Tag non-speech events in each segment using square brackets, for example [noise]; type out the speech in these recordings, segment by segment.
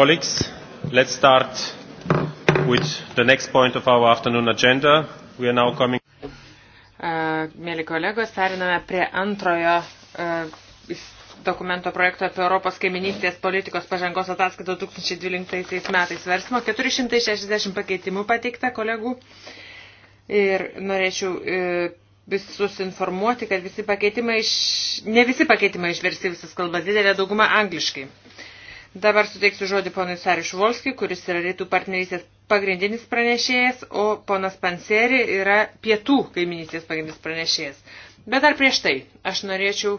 colleagues, let's start with the next point of our afternoon agenda. We are now coming. Uh, mėly kolegos, periname prie antrojo uh, dokumento projekto apie Europos kaiminystės politikos pažangos ataskaitą 2012 metais versmo. 460 pakeitimų pateikta kolegų ir norėčiau uh, visus informuoti, kad visi pakeitimai, iš, ne visi pakeitimai išversi visas kalbas, didelė dauguma angliškai. Dabar suteiksiu žodį ponui Sariš Volskiui, kuris yra rytų partnerystės pagrindinis pranešėjas, o ponas Panseri yra pietų kaiminystės pagrindinis pranešėjas. Bet dar prieš tai aš norėčiau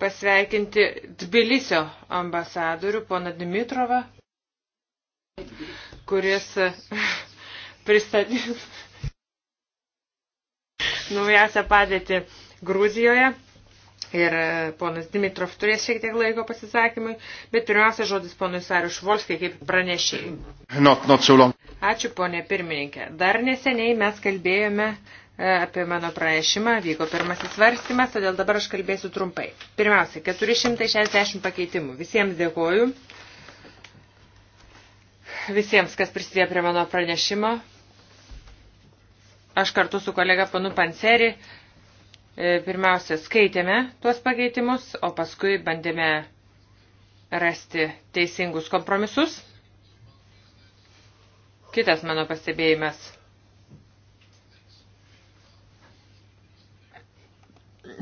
pasveikinti Tbilisio ambasadorių, poną Dimitrovą, kuris [laughs] pristatys [laughs] naujausią padėtį Gruzijoje. Ir e, ponas Dimitrov turės šiek tiek laiko pasisakymui, bet pirmiausia žodis ponui Sariuš Volskai kaip pranešėjai. Not, not so long. Ačiū ponė pirmininkė. Dar neseniai mes kalbėjome e, apie mano pranešimą, vyko pirmasis svarstymas, todėl dabar aš kalbėsiu trumpai. Pirmiausia, 460 pakeitimų. Visiems dėkoju. Visiems, kas prisidėjo prie mano pranešimo. Aš kartu su kolega panu Panseri E, pirmiausia, skaitėme tuos pakeitimus, o paskui bandėme rasti teisingus kompromisus. Kitas mano pastebėjimas.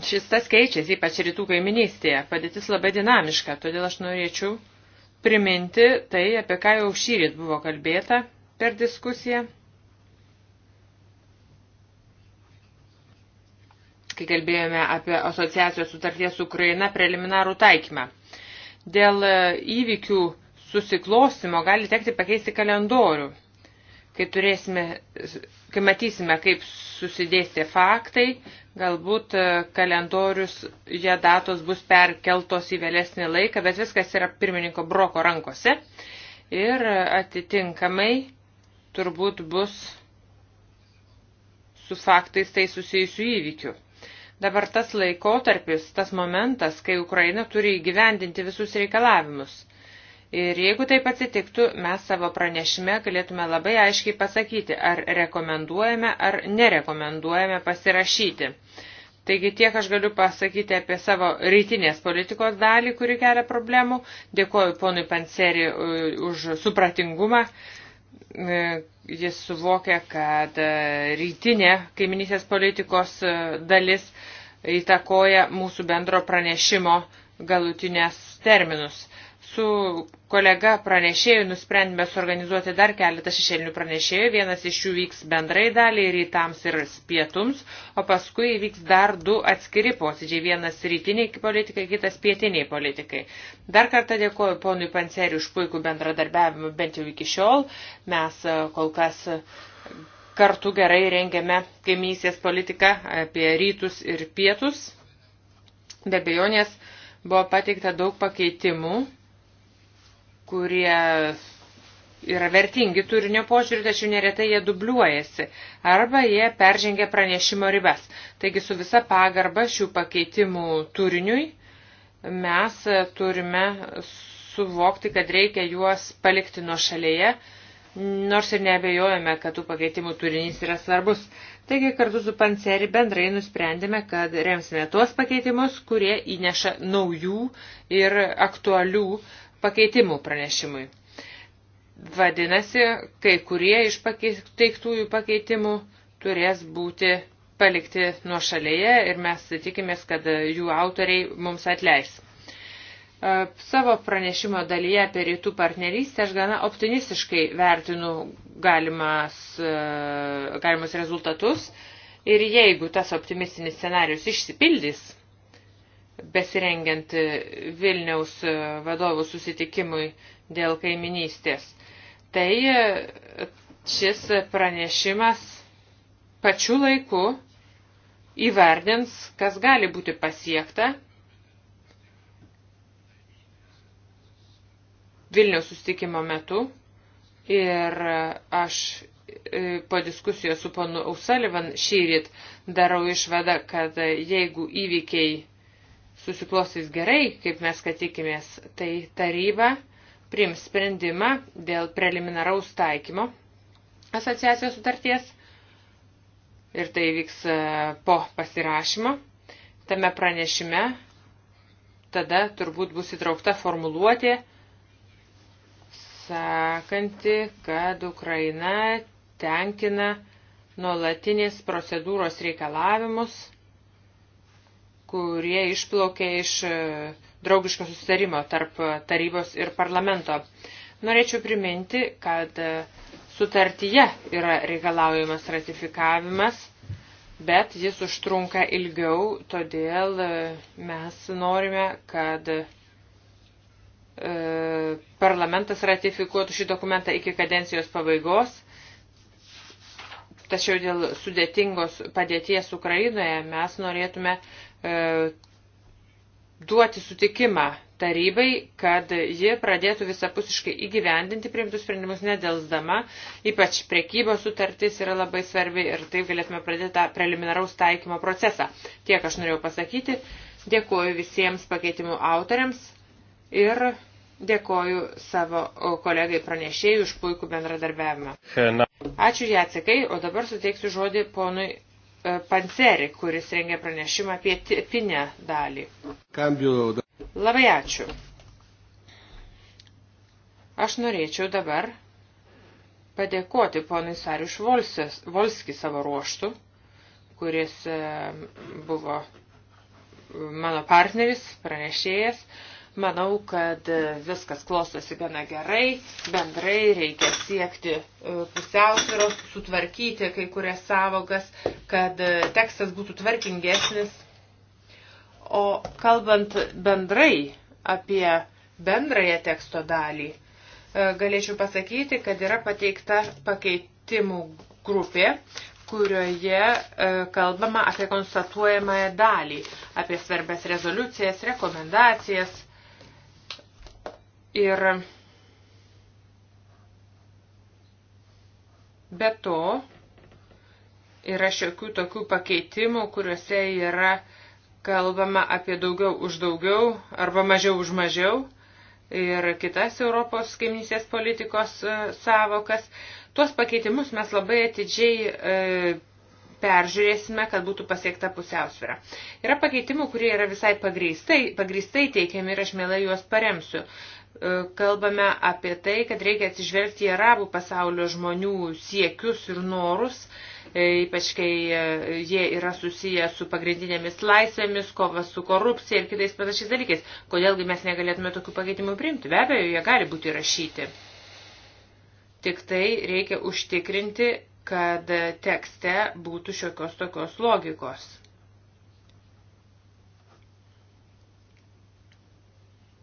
Šis tas keičiasi, ypač rytų kaiminystėje. Padėtis labai dinamiška, todėl aš norėčiau priminti tai, apie ką jau šyrit buvo kalbėta per diskusiją. kai kalbėjome apie asociacijos sutarties su Ukraina preliminarų taikymą. Dėl e, įvykių susiklostimo gali tekti pakeisti kalendorių, kai, turėsime, kai matysime, kaip susidėstė faktai, galbūt e, kalendorius, jie datos bus perkeltos į vėlesnį laiką, bet viskas yra pirmininko broko rankose ir atitinkamai turbūt bus su faktais tai susijusių įvykių. Dabar tas laikotarpis, tas momentas, kai Ukraina turi įgyvendinti visus reikalavimus. Ir jeigu taip atsitiktų, mes savo pranešime galėtume labai aiškiai pasakyti, ar rekomenduojame ar nerekomenduojame pasirašyti. Taigi tiek aš galiu pasakyti apie savo rytinės politikos dalį, kuri kelia problemų. Dėkoju ponui Panseri e, už supratingumą. E, jis suvokia, kad e, rytinė kaiminysės politikos e, dalis įtakoja mūsų bendro pranešimo galutinės terminus su kolega pranešėjų nusprendėme suorganizuoti dar keletą šešėlinių pranešėjų. Vienas iš jų vyks bendrai daliai rytams ir pietums, o paskui vyks dar du atskiri posėdžiai. Vienas rytiniai politikai, kitas pietiniai politikai. Dar kartą dėkoju ponui Panceriu už puikų bendradarbiavimą bent jau iki šiol. Mes e, kol kas e, kartu gerai rengiame kaimynysės politiką apie rytus ir pietus. Be bejonės buvo pateikta daug pakeitimų kurie yra vertingi turinio požiūrį, tačiau neretai jie dubliuojasi arba jie peržengia pranešimo ribas. Taigi su visa pagarba šių pakeitimų turiniui mes turime suvokti, kad reikia juos palikti nuo šalyje, nors ir nebejojame, kad tų pakeitimų turinys yra svarbus. Taigi kartu su Panseri bendrai nusprendėme, kad remsime tuos pakeitimus, kurie įneša naujų ir aktualių pakeitimų pranešimui. Vadinasi, kai kurie iš teiktųjų pakeitimų turės būti palikti nuo šalyje ir mes tikimės, kad jų autoriai mums atleis. E, savo pranešimo dalyje apie rytų partnerystę aš gana optimistiškai vertinu galimas, e, galimus rezultatus ir jeigu tas optimistinis scenarius išsipildys, besirengiant Vilniaus vadovų susitikimui dėl kaiminystės. Tai e, šis pranešimas pačiu laiku įvardins, kas gali būti pasiekta Vilniaus susitikimo metu ir aš e, po diskusijos su ponu Ausalivan šyrit darau išvadą, kad jeigu įvykiai susiklostys gerai, kaip mes kad tikimės, tai taryba priims sprendimą dėl preliminaraus taikymo asociacijos sutarties ir tai vyks e, po pasirašymo. Tame pranešime tada turbūt bus įtraukta formuluotė, sakanti, kad Ukraina tenkina nuolatinės procedūros reikalavimus – kurie išplaukė iš e, draugiško susitarimo tarp e, tarybos ir parlamento. Norėčiau priminti, kad e, sutartyje yra reikalaujamas ratifikavimas, bet jis užtrunka ilgiau, todėl mes norime, kad parlamentas ratifikuotų šį dokumentą iki kadencijos pabaigos. Tačiau dėl sudėtingos padėties Ukrainoje mes norėtume E, duoti sutikimą tarybai, kad ji pradėtų visapusiškai įgyvendinti priimtus sprendimus nedelsdama, ypač priekybos sutartis yra labai svarbi ir taip galėtume pradėti tą preliminaraus taikymo procesą. Tiek aš norėjau pasakyti. Dėkuoju visiems pakeitimų autoriams ir dėkoju savo kolegai pranešėjui už puikų bendradarbiavimą. Ačiū Jacekai, o dabar suteiksiu žodį ponui E, Panceri, kuris rengė pranešimą apie tipinę dalį. Labai ačiū. Aš norėčiau dabar padėkoti ponui Sariuš Volski savo ruoštų, kuris e, buvo mano partneris, pranešėjas. Manau, kad e, viskas klostosi gana gerai, bendrai reikia siekti e, pusiausvėros, sutvarkyti kai kurias savogas, kad e, tekstas būtų tvarkingesnis. O kalbant bendrai apie bendrąją teksto dalį, galėčiau pasakyti, kad yra pateikta pakeitimų grupė, kurioje kalbama apie konstatuojamąją dalį, apie svarbės rezoliucijas, rekomendacijas Ir be to yra šiokių tokių pakeitimų, kuriuose yra kalbama apie daugiau už daugiau arba mažiau už mažiau ir kitas Europos kaimynysės politikos e, savokas. Tuos pakeitimus mes labai atidžiai e, peržiūrėsime, kad būtų pasiekta pusiausvėra. Yra pakeitimų, kurie yra visai pagrįstai, pagrįstai teikiami ir aš mielai juos paremsiu. E, kalbame apie tai, kad reikia atsižvelgti į arabų pasaulio žmonių siekius ir norus, e, ypač kai e, jie yra susiję su pagrindinėmis laisvėmis, kova su korupcija ir kitais panašiais dalykais. Kodėlgi mes negalėtume tokių pakeitimų priimti? Be abejo, jie gali būti rašyti. Tik tai reikia užtikrinti, kad tekste būtų šiokios tokios logikos.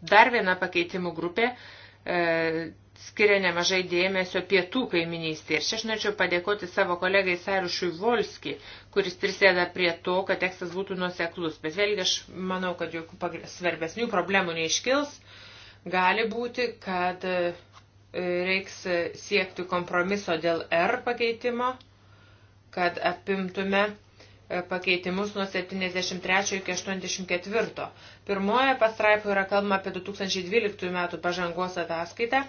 Dar viena pakeitimų grupė e, skiria nemažai dėmesio pietų kaiminystė. Ir čia aš norėčiau padėkoti savo kolegai Sariušui Volski, kuris prisėda prie to, kad tekstas būtų nuoseklus. Bet vėlgi aš manau, kad jokių svarbesnių problemų neiškils. Gali būti, kad e, reiks siekti kompromiso dėl R pakeitimo, kad apimtume E, pakeitimus nuo 73 iki 84. Pirmoje pastraipoje yra kalbama apie 2012 metų pažangos ataskaitą.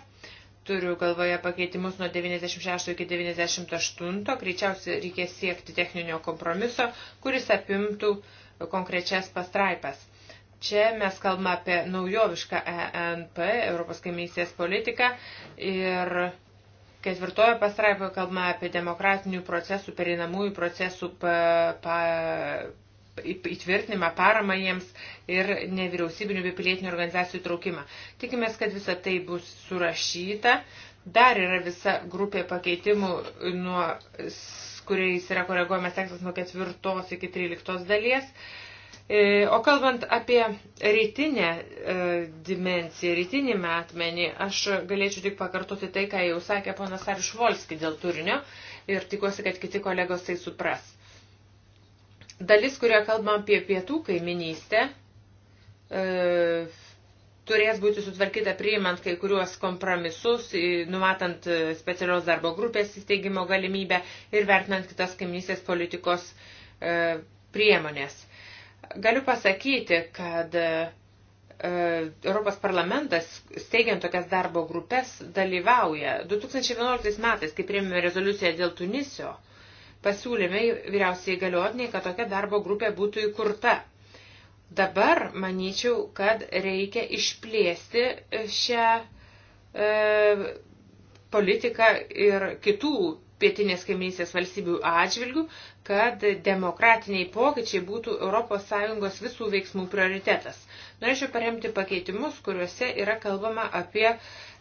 Turiu galvoje pakeitimus nuo 96 iki 98. Greičiausiai reikės siekti techninio kompromiso, kuris apimtų konkrečias pastraipas. Čia mes kalbame apie naujovišką ENP, Europos komisijas politiką ir Ketvirtojo pastraipoje kalbama apie demokratinių procesų, pereinamųjų procesų pa, pa, įtvirtinimą, paramą jiems ir nevyriausybinių bei pilietinių organizacijų traukimą. Tikimės, kad visa tai bus surašyta. Dar yra visa grupė pakeitimų, nuo, kuriais yra koreguojamas tekstas nuo ketvirtos iki tryliktos dalies. Uh, E, o kalbant apie rytinę e, dimenciją, rytinį metmenį, aš galėčiau tik pakartoti tai, ką jau sakė ponas Arius Volski dėl turinio ir tikiuosi, kad kiti kolegos tai supras. Dalis, kurioje kalbam apie pietų kaiminystę, e, turės būti sutvarkyta priimant kai kuriuos kompromisus, numatant specialios darbo grupės įsteigimo galimybę ir vertinant kitas kaiminystės politikos priemonės Galiu pasakyti, kad e, Europos parlamentas, steigiant tokias darbo grupės, dalyvauja. 2011 metais, kai priėmėme rezoliuciją dėl Tunisio, pasiūlėme vyriausiai galiotiniai, kad tokia darbo grupė būtų įkurta. Dabar manyčiau, kad reikia išplėsti šią e, politiką ir kitų pietinės kaiminysės valstybių atžvilgių, kad demokratiniai pokyčiai būtų ES visų veiksmų prioritetas. Norėčiau paremti pakeitimus, kuriuose yra kalbama apie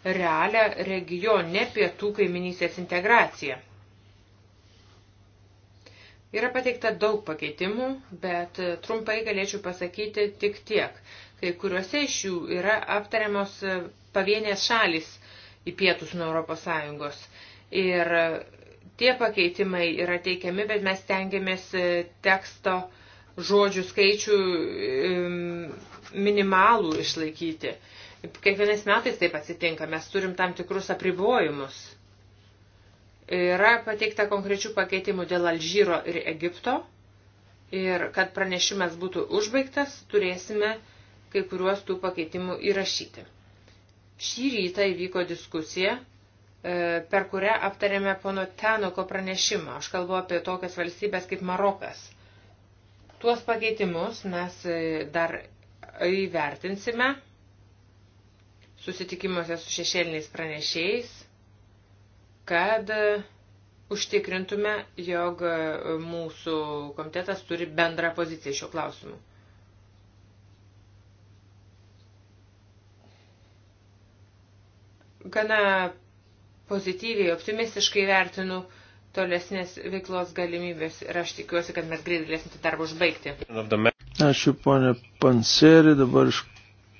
realią regione pietų kaiminysės integraciją. Yra pateikta daug pakeitimų, bet trumpai galėčiau pasakyti tik tiek. Kai kuriuose iš jų yra aptariamos pavienės šalis į pietus nuo ES. Ir Tie pakeitimai yra teikiami, bet mes tengiamės e, teksto žodžių skaičių minimalų išlaikyti. Kiekvienais metais taip atsitinka, mes turim tam tikrus apribojimus. Yra pateikta konkrečių pakeitimų dėl Alžyro ir Egipto. Ir kad pranešimas būtų užbaigtas, turėsime kai kuriuos tų pakeitimų įrašyti. Šį rytą įvyko diskusija E, per kurią aptarėme pono Tenoko pranešimą. Aš kalbu apie tokias valstybės kaip Marokas. Tuos pakeitimus mes e, dar įvertinsime susitikimuose su šešėliniais pranešėjais, kad e, užtikrintume, jog mūsų komitetas turi bendrą poziciją šiuo klausimu. Gana pozityviai, optimistiškai vertinu tolesnės veiklos galimybės ir aš tikiuosi, kad mes greit galėsim tą darbą užbaigti. Ačiū, ponė Panseri, dabar iš,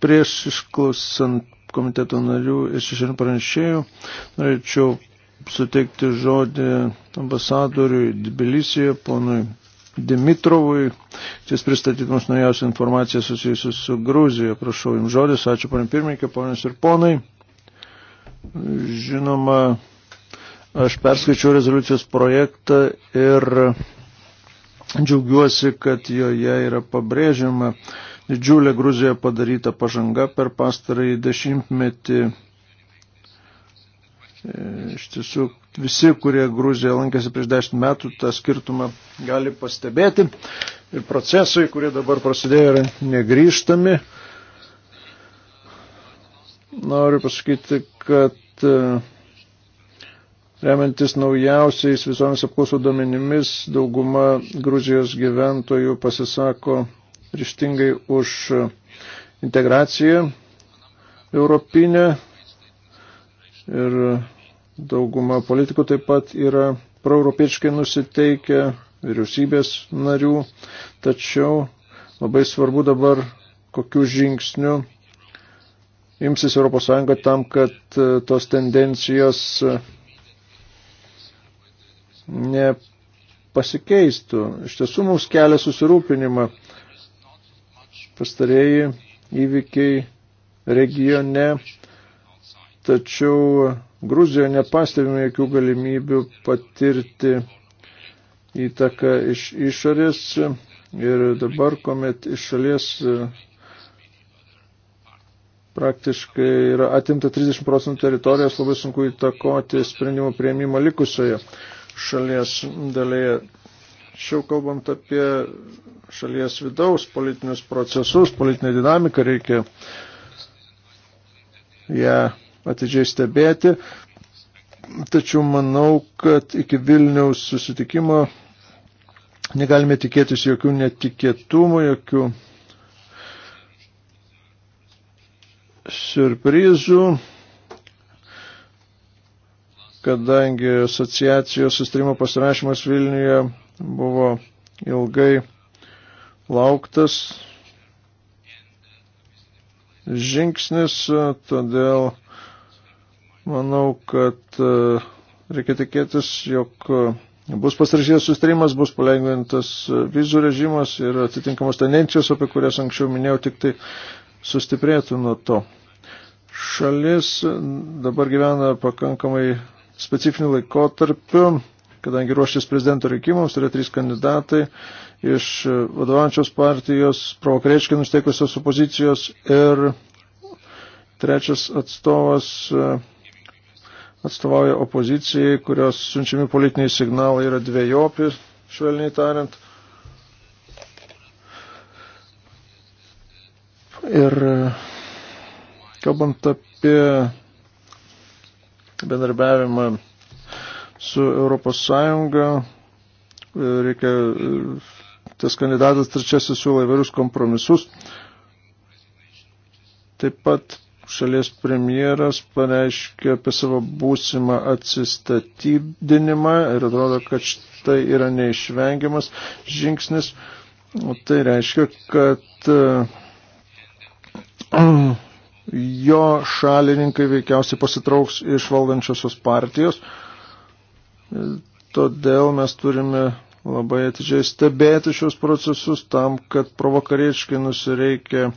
prieš išklausant komiteto narių ir šešinių pranešėjų norėčiau suteikti žodį ambasadoriui Tbilisijoje, ponui Dimitrovui. Jis pristatyt mums naujausią informaciją susijusiu su Gruzija. Prašau jums žodis. Ačiū, ponė pirmininkė, ponės ir ponai. Žinoma, aš perskaičiau rezoliucijos projektą ir džiaugiuosi, kad joje yra pabrėžiama didžiulė Gruzijoje padaryta pažanga per pastarąjį dešimtmetį. Iš tiesų, visi, kurie Gruzijoje lankėsi prieš dešimt metų, tą skirtumą gali pastebėti. Ir procesai, kurie dabar prasidėjo, yra negrįžtami. Noriu pasakyti, kad e, remiantis naujausiais visomis apklausų duomenimis, dauguma Gruzijos gyventojų pasisako ryštingai už e, integraciją europinę ir dauguma politikų taip pat yra proeuropiečiai nusiteikę vyriausybės narių, tačiau labai svarbu dabar kokiu žingsniu imsis ES tam, kad e, tos tendencijos e, nepasikeistų. Iš tiesų mums kelia susirūpinimą pastarėjai įvykiai regione, tačiau Gruzijoje nepastebime jokių galimybių patirti įtaką iš išorės ir dabar, kuomet iš šalies e, praktiškai yra atimta 30 procentų teritorijos, labai sunku įtakoti sprendimų prieimimą likusioje šalies dalyje. Šiau kalbant apie šalies vidaus politinius procesus, politinę dinamiką, reikia ją atidžiai stebėti. Tačiau manau, kad iki Vilniaus susitikimo negalime tikėtis jokių netikėtumų, jokių surprizų, kadangi asociacijos sustrimo pasirašymas Vilniuje buvo ilgai lauktas žingsnis, todėl manau, kad e, reikia tikėtis, jog bus pasirašytas sustarimas, bus palengvintas vizų režimas ir atitinkamos tendencijos, apie kurias anksčiau minėjau, tik tai sustiprėtų nuo to. Šalis dabar gyvena pakankamai specifiniu laikotarpiu, kadangi ruoštis prezidento rinkimams yra trys kandidatai iš vadovančios partijos, provokariečkai nusteikusios opozicijos ir trečias atstovas atstovauja opozicijai, kurios siunčiami politiniai signalai yra dviejopi, švelniai tariant. Ir Kalbant apie bendarbiavimą su Europos Sąjunga, reikia, tas kandidatas trečiasis siūlo įvairius kompromisus. Taip pat šalies premjeras pareiškia apie savo būsimą atsistatydinimą ir atrodo, kad tai yra neišvengiamas žingsnis. O tai reiškia, kad [clears throat] jo šalininkai veikiausiai pasitrauks iš valdančiosios partijos. Todėl mes turime labai atidžiai stebėti šios procesus tam, kad provokariečkai nusireikia e,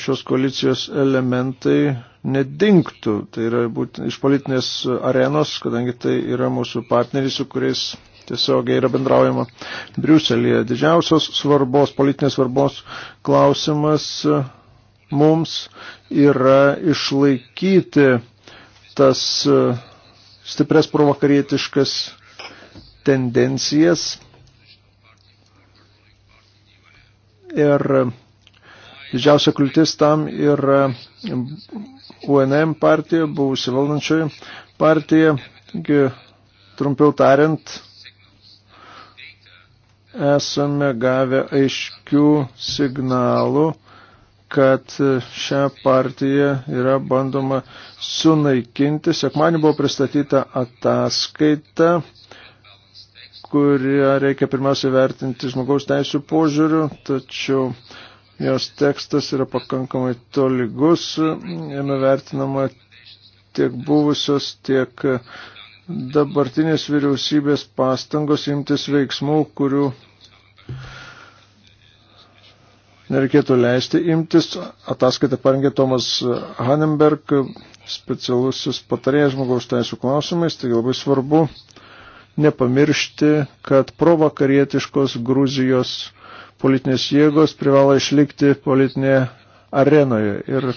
šios koalicijos elementai nedingtų. Tai yra būtent iš politinės arenos, kadangi tai yra mūsų partneriai, su kuriais tiesiogiai yra bendraujama Briuselėje. Didžiausios svarbos, politinės svarbos klausimas mums yra išlaikyti tas e, stipres provakarietiškas tendencijas ir didžiausia kliūtis tam yra UNM partija, buvusi valdančioji partija, taigi trumpiau tariant, esame gavę aiškių signalų kad šią partiją yra bandoma sunaikinti. Sekmanį buvo pristatyta ataskaita, kurią reikia pirmiausia vertinti žmogaus teisų požiūrių, tačiau jos tekstas yra pakankamai tolygus, jame vertinama tiek buvusios, tiek dabartinės vyriausybės pastangos imtis veiksmų, kurių nereikėtų leisti imtis. Ataskaitą parengė Tomas Hanenberg, specialusis patarėjas žmogaus teisų klausimais, tai labai svarbu nepamiršti, kad provakarietiškos Gruzijos politinės jėgos privalo išlikti politinėje arenoje. Ir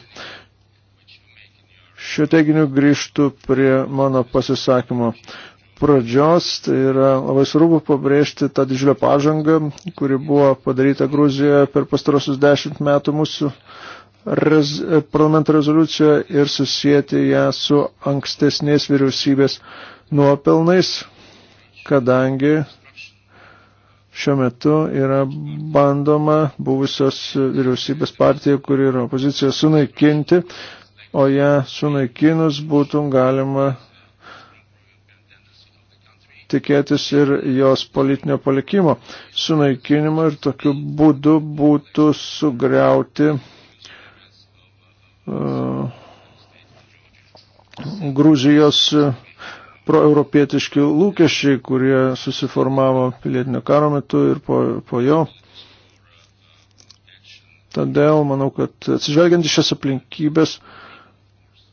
šiuo teiginiu grįžtų prie mano pasisakymo pradžios, tai yra labai svarbu pabrėžti tą didžiulę pažangą, kuri buvo padaryta Gruzijoje per pastarosius dešimt metų mūsų rez, parlamento rezoliuciją ir susijęti ją su ankstesnės vyriausybės nuopelnais, kadangi šiuo metu yra bandoma buvusios vyriausybės partija, kuri yra opozicija, sunaikinti, o ją sunaikinus būtų galima tikėtis ir jos politinio palikimo sunaikinimo ir tokiu būdu būtų sugriauti uh, Gruzijos proeuropietiški lūkesčiai, kurie susiformavo pilietinio karo metu ir po, po jo. Todėl manau, kad atsižvelgiant į šias aplinkybės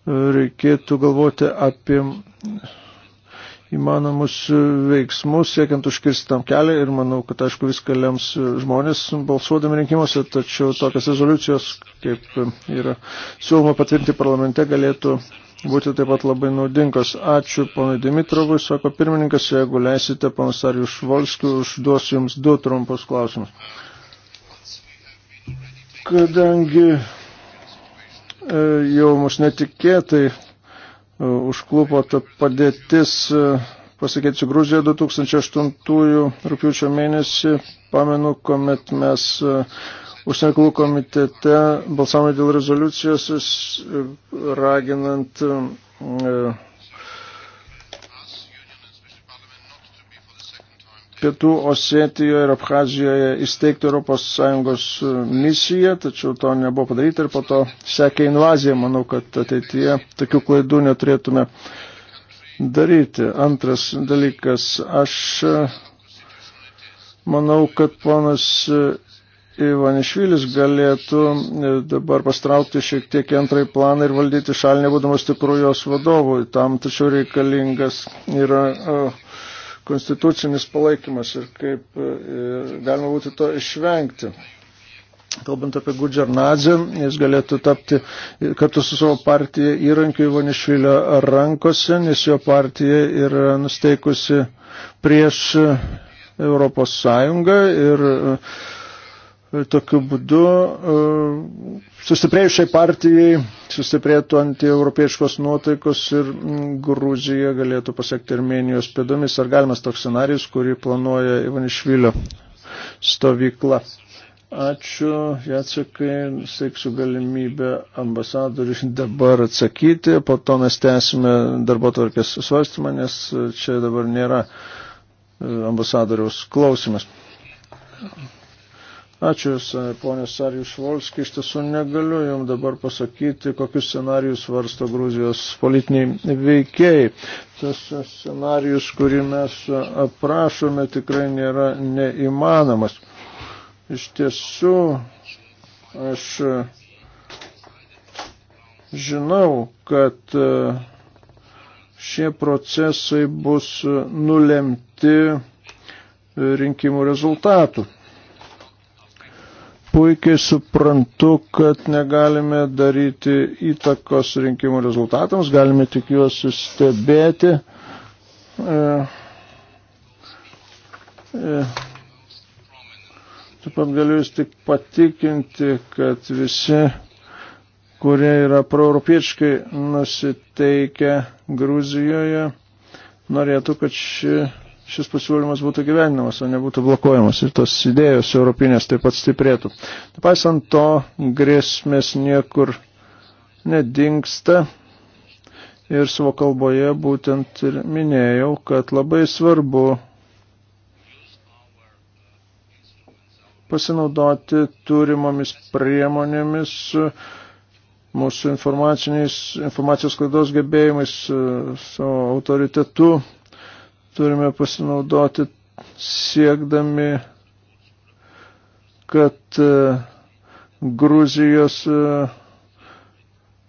reikėtų galvoti apie įmanomus e, veiksmus, siekiant užkirsti tam kelią ir manau, kad aišku viską lems e, žmonės balsuodami rinkimuose, tačiau tokias rezoliucijos, kaip e, yra siūloma patvirtinti parlamente, galėtų būti taip pat labai naudingos. Ačiū ponui Dimitrovui, sako pirmininkas, jeigu leisite, panas Arijus Švolskiu, užduosiu jums du trumpus klausimus. Kadangi jau mus netikėtai Uh, užklupo ta padėtis uh, pasikeitusi Gruzija 2008 rūpiučio mėnesį, pamenu, kuomet mes uh, užsienio reikalų komitete balsavome dėl rezoliucijos raginant um, Pietų Osetijoje ir Abhazijoje įsteigti ES e, misiją, tačiau to nebuvo padaryta ir po to sekė invazija. Manau, kad ateityje tokių klaidų neturėtume daryti. Antras dalykas, aš e, manau, kad ponas e, Ivanišvilis galėtų dabar pastraukti šiek tiek antrąjį planą ir valdyti šalį, nebūdamas tikrų jos vadovų. Tam tačiau reikalingas yra. Uh, konstitucinis palaikymas ir kaip e, ir galima būtų to išvengti. Kalbant apie Gudžernadzę, jis galėtų tapti kartu su savo partija įrankiu Ivanišvilio rankose, nes jo partija yra nusteikusi prieš Europos Sąjungą ir uh, E, tokiu būdu e, sustiprėjusiai partijai sustiprėtų antieuropieškos nuotaikos ir Gruzija galėtų pasiekti Armenijos pėdomis. Ar galimas toks scenarius, kurį planuoja Ivanišvilio stovykla? Ačiū, Jacekai, sėksiu galimybę ambasadoriui [laughs] dabar atsakyti, po to mes tęsime darbo tvarkės svarstymą, nes čia dabar nėra e, ambasadoriaus klausimas. Thank you. Ačiū, ponė Sarijus Volski. Iš tiesų negaliu jums dabar pasakyti, kokius scenarius varsto Gruzijos politiniai veikėjai. Tas scenarius, kurį mes aprašome, tikrai nėra neįmanomas. Iš tiesų, aš žinau, kad e, šie procesai bus nulemti rinkimų rezultatų puikiai suprantu, kad negalime daryti įtakos rinkimų rezultatams, galime tik juos stebėti. E, e, taip pat galiu jūs tik patikinti, kad visi, kurie yra proeuropiečiai nusiteikę Gruzijoje, norėtų, kad ši šis pasiūlymas būtų gyvenimas, o nebūtų blokuojamas ir tos idėjos europinės taip pat stiprėtų. Nepaisant to, grėsmės niekur nedingsta ir savo kalboje būtent ir minėjau, kad labai svarbu pasinaudoti turimomis priemonėmis, mūsų informacijos klaidos gebėjimais, e, savo autoritetu turime pasinaudoti siekdami, kad e, Gruzijos e,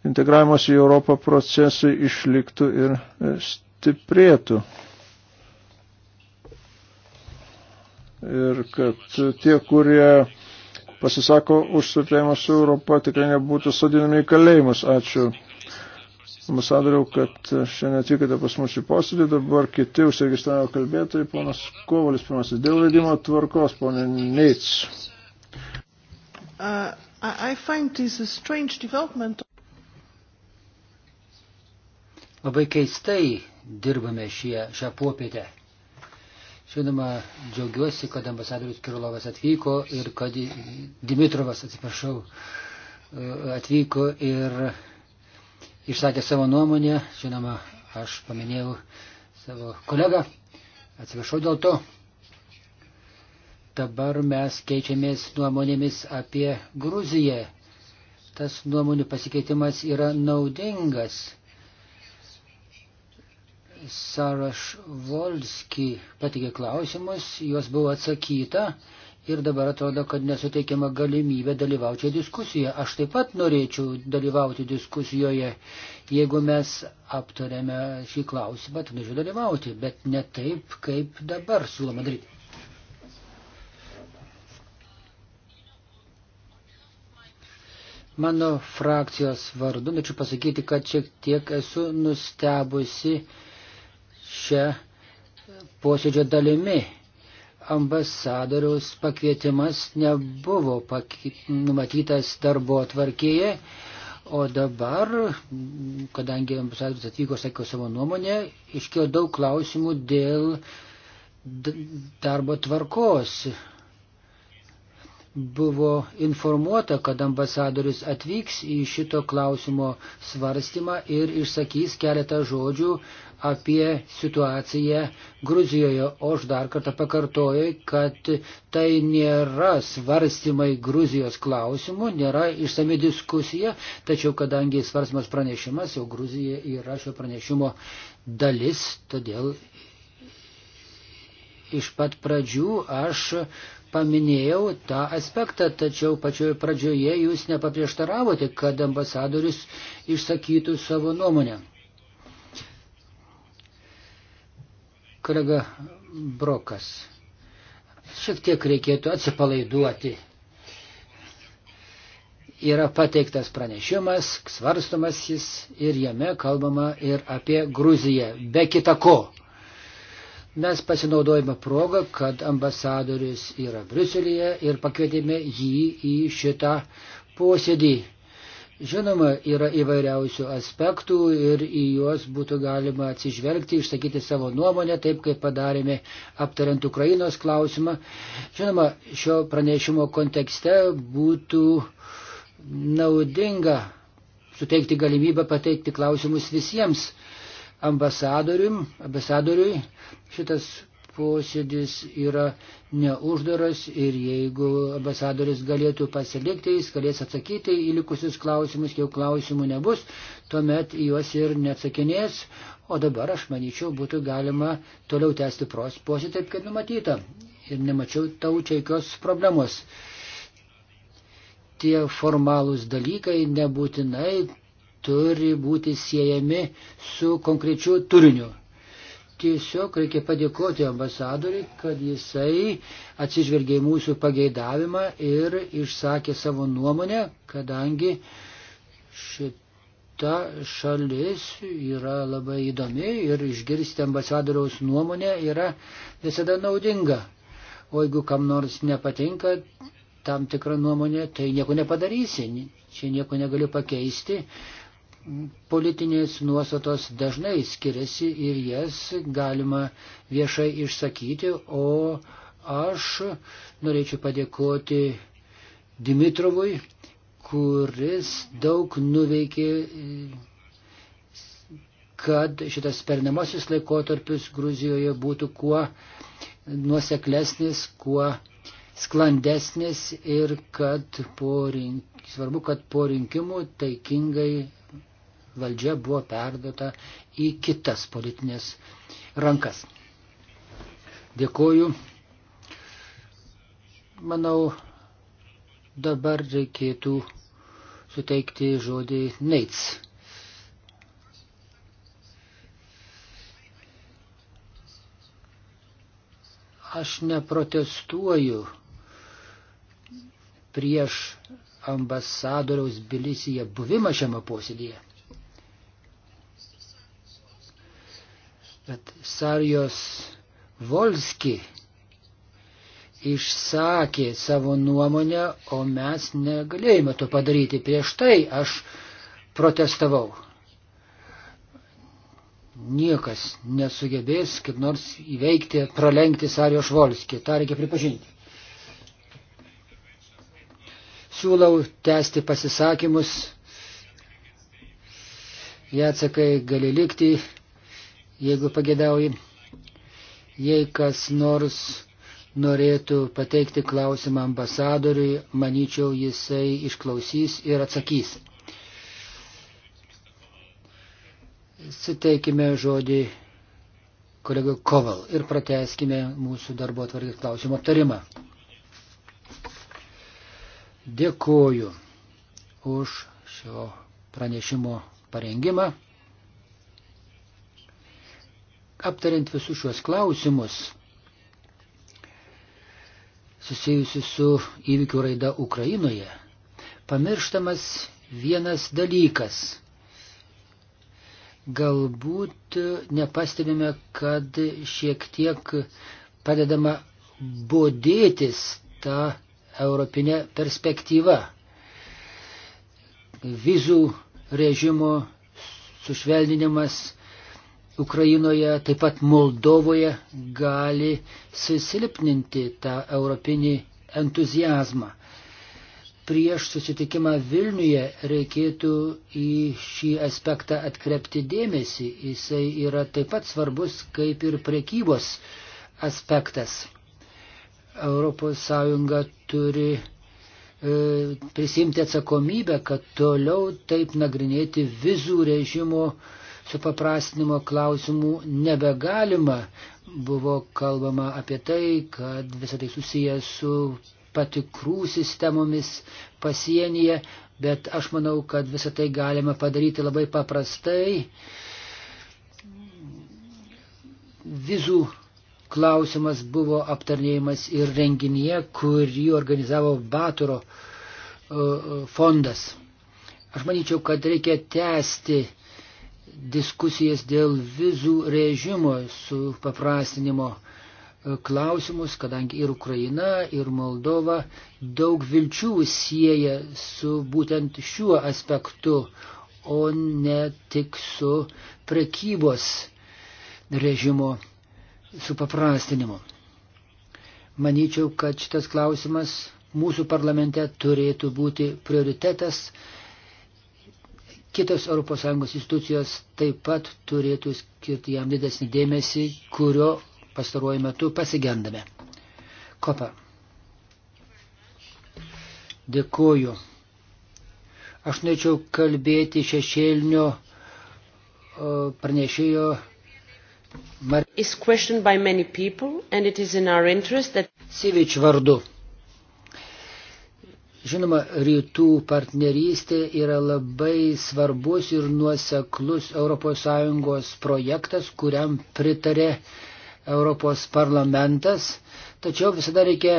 integravimas į Europą procesai išliktų ir e, stiprėtų. Ir kad tie, kurie pasisako už sutrėmą su Europą, tikrai nebūtų sodinami į kalėjimus. Ačiū ambasadoriau, kad šiandien atvykote pas mus į posėdį, dabar kiti užsiregistravo kalbėtojai, ponas Kovalis pirmasis, dėl vedimo tvarkos, ponė Neits. Uh, Labai keistai dirbame šie, šią popietę. Žinoma, džiaugiuosi, kad ambasadorius Kirilovas atvyko ir kad Dimitrovas, atsiprašau, uh, atvyko ir išsakė savo nuomonę, žinoma, aš paminėjau savo kolegą, atsiprašau dėl to. Dabar mes keičiamės nuomonėmis apie Gruziją. Tas nuomonių pasikeitimas yra naudingas. Saraš Volski patikė klausimus, juos buvo atsakyta, ir dabar atrodo, kad nesuteikiama galimybė dalyvauti diskusijoje. Aš taip pat norėčiau dalyvauti diskusijoje, jeigu mes aptarėme šį klausimą, tai norėčiau dalyvauti, bet ne taip, kaip dabar siūloma daryti. Mano frakcijos vardu, norėčiau pasakyti, kad šiek tiek esu nustebusi šią posėdžio dalimi ambasadoriaus pakvietimas nebuvo paki... numatytas darbo atvarkėje, o dabar, kadangi ambasadorius atvyko, sakė savo nuomonę, iškėjo daug klausimų dėl darbo tvarkos. Buvo informuota, kad ambasadorius atvyks į šito klausimo svarstymą ir išsakys keletą žodžių apie situaciją Gruzijoje. O aš dar kartą pakartoju, kad tai nėra svarstymai Gruzijos klausimų, nėra išsami diskusija, tačiau kadangi svarstymas pranešimas, jau Gruzija yra šio pranešimo dalis, todėl iš pat pradžių aš paminėjau tą aspektą, tačiau pačioje pradžioje jūs nepaprieštaravote, kad ambasadorius išsakytų savo nuomonę. Kolega Brokas, šiek tiek reikėtų atsipalaiduoti. Yra pateiktas pranešimas, svarstomas jis ir jame kalbama ir apie Gruziją, be kita ko. Mes pasinaudojame progą, kad ambasadorius yra Briuselėje ir pakvietėme jį į šitą posėdį. Žinoma, yra įvairiausių aspektų ir į juos būtų galima atsižvelgti, išsakyti savo nuomonę, taip kaip padarėme aptariant Ukrainos klausimą. Žinoma, šio pranešimo kontekste būtų naudinga suteikti galimybę pateikti klausimus visiems ambasadoriui. Šitas posėdis yra neuždaras ir jeigu ambasadoris galėtų pasilikti, jis galės atsakyti į likusius klausimus, jau klausimų nebus, tuomet juos ir neatsakinės, o dabar aš manyčiau būtų galima toliau tęsti pros posėdį taip, kaip numatyta. Ir nemačiau tau čia jokios problemos. Tie formalūs dalykai nebūtinai turi būti siejami su konkrečiu turiniu tiesiog reikia padėkoti ambasadoriui, kad jisai atsižvelgė į mūsų pageidavimą ir išsakė savo nuomonę, kadangi šita šalis yra labai įdomi ir išgirsti ambasadoriaus nuomonę yra visada naudinga. O jeigu kam nors nepatinka tam tikra nuomonė, tai nieko nepadarysi, čia nieko negaliu pakeisti politinės nuostatos dažnai skiriasi ir jas galima viešai išsakyti, o aš norėčiau padėkoti Dimitrovui, kuris daug nuveikė, kad šitas pernamasis laikotarpis Gruzijoje būtų kuo nuoseklesnis, kuo sklandesnis ir kad po rink, svarbu, kad po rinkimų taikingai valdžia buvo perduota į kitas politinės rankas. Dėkuoju. Manau, dabar reikėtų suteikti žodį Neits. Aš neprotestuoju prieš ambasadoriaus Bilisyje buvimą šiame posėdėje. kad Sarijos Volski išsakė savo nuomonę, o mes negalėjome to padaryti. Prieš tai aš protestavau. Niekas nesugebės kaip nors įveikti, pralenkti Sarijos Volskį. Ta reikia pripažinti. Siūlau tęsti pasisakymus. Jacekai gali likti, jeigu pagėdauji. Jei kas nors norėtų pateikti klausimą ambasadoriui, manyčiau, jisai išklausys ir atsakys. Suteikime žodį kolegai Koval ir prateskime mūsų darbo atvarkės klausimų aptarimą. Dėkuoju už šio pranešimo parengimą aptariant visus šios klausimus susijusi su įvykių raida Ukrainoje, pamirštamas vienas dalykas. Galbūt nepastebime, kad šiek tiek padedama bodėtis tą europinę perspektyvą. Vizų režimo sušvelninimas Ukrainoje, taip pat Moldovoje gali susilpninti tą europinį entuzijazmą. Prieš susitikimą Vilniuje reikėtų į šį aspektą atkrepti dėmesį. Jisai yra taip pat svarbus kaip ir prekybos aspektas. ES turi e, prisimti atsakomybę, kad toliau taip nagrinėti vizų režimo supaprastinimo klausimų nebegalima. Buvo kalbama apie tai, kad visą tai susiję su patikrų sistemomis pasienyje, bet aš manau, kad visą tai galima padaryti labai paprastai. Vizų klausimas buvo aptarnėjimas ir renginyje, kurį organizavo Baturo e, e, fondas. Aš manyčiau, kad reikia tęsti diskusijas dėl vizų režimo su paprastinimo e, klausimus, kadangi ir Ukraina, ir Moldova daug vilčių sieja su būtent šiuo aspektu, o ne tik su prekybos režimo supaprastinimu. Manyčiau, kad šitas klausimas mūsų parlamente turėtų būti prioritetas, kitos ES institucijos taip pat turėtų skirti jam didesnį dėmesį, kurio pastaruoju metu pasigendame. Kopa. Dėkuoju. Aš norėčiau kalbėti šešėlinio pranešėjo. Mar... That... Sivič vardu. Žinoma, rytų partnerystė yra labai svarbus ir nuoseklus ES projektas, kuriam pritarė Europos parlamentas, tačiau visada reikia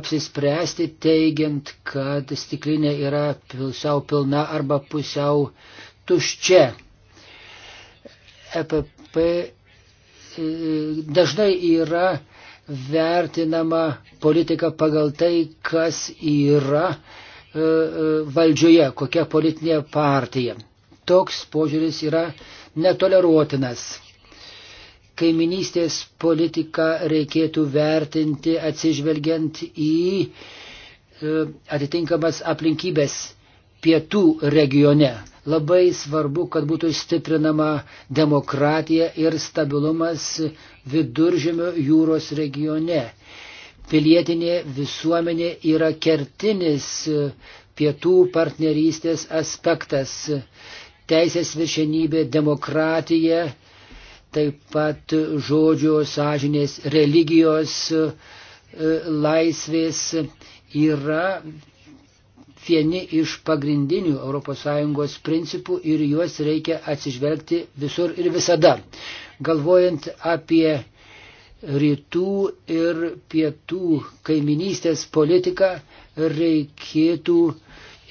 apsispręsti teigiant, kad stiklinė yra pusiau pilna arba pusiau tuščia. EPP e, dažnai yra vertinama politika pagal tai, kas yra e, e, valdžioje, kokia politinė partija. Toks požiūris yra netoleruotinas. Kaiminystės politiką reikėtų vertinti atsižvelgiant į e, atitinkamas aplinkybės pietų regione. Labai svarbu, kad būtų stiprinama demokratija ir stabilumas viduržėmio jūros regione. Pilietinė visuomenė yra kertinis pietų partnerystės aspektas. Teisės viršenybė, demokratija, taip pat žodžio sąžinės religijos e, laisvės yra vieni iš pagrindinių ES principų ir juos reikia atsižvelgti visur ir visada. Galvojant apie rytų ir pietų kaiminystės politiką, reikėtų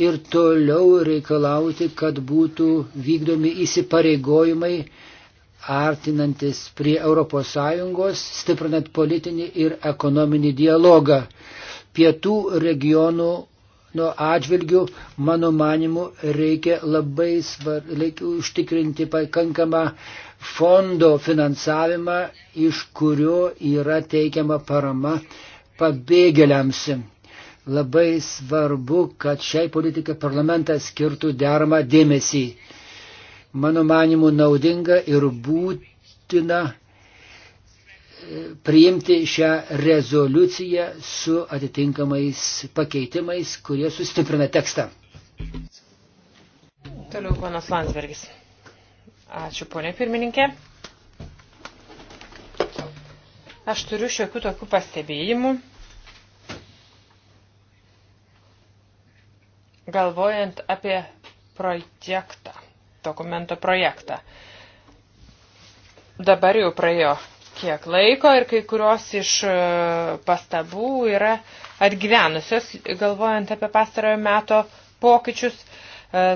ir toliau reikalauti, kad būtų vykdomi įsipareigojimai artinantis prie ES, stiprinant politinį ir ekonominį dialogą. Pietų regionų nuo atžvilgių, mano manimu, reikia labai svarbu, reikia užtikrinti pakankamą fondo finansavimą, iš kurio yra teikiama parama pabėgėliams. Labai svarbu, kad šiai politikai parlamentas skirtų deramą dėmesį. Mano manimu, naudinga ir būtina priimti šią rezoliuciją su atitinkamais pakeitimais, kurie sustiprina tekstą. Toliau ponas Landsbergis. Ačiū, ponė pirmininkė. Aš turiu šiokių tokių pastebėjimų. Galvojant apie projektą, dokumento projektą. Dabar jau praėjo kiek laiko ir kai kurios iš e, pastabų yra atgyvenusios, galvojant apie pastarojo meto pokyčius. E,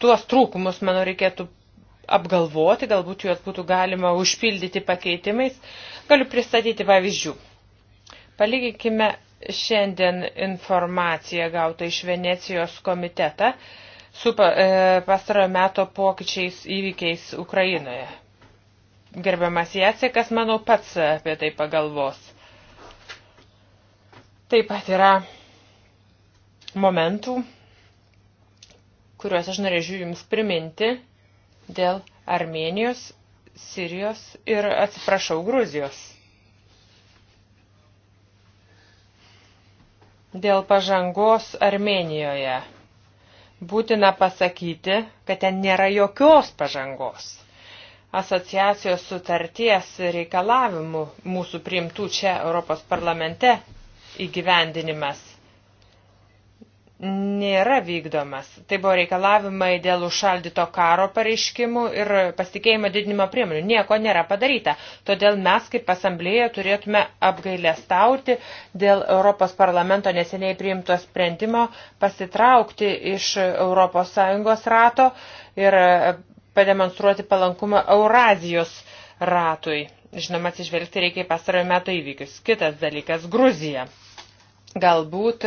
tuos trūkumus, manau, reikėtų apgalvoti, galbūt juos būtų galima užpildyti pakeitimais. Galiu pristatyti pavyzdžių. Palyginkime šiandien informaciją gautą iš Venecijos komitetą su e, pastarojo meto pokyčiais įvykiais Ukrainoje gerbiamas Jacekas, manau, pats apie tai pagalvos. Taip pat yra momentų, kuriuos aš norėčiau Jums priminti dėl Armenijos, Sirijos ir, atsiprašau, Gruzijos. Dėl pažangos Armenijoje būtina pasakyti, kad ten nėra jokios pažangos asociacijos sutarties reikalavimų mūsų priimtų čia Europos parlamente įgyvendinimas nėra vykdomas. Tai buvo reikalavimai dėl užšaldyto karo pareiškimų ir pasitikėjimo didinimo priemonių. Nieko nėra padaryta. Todėl mes kaip asamblėje turėtume apgailestauti dėl Europos parlamento neseniai priimto sprendimo pasitraukti iš ES rato ir pademonstruoti palankumą Eurazijos ratui. Žinoma, atsižvelgti reikia į pastarojo meto įvykius. Kitas dalykas - Gruzija. Galbūt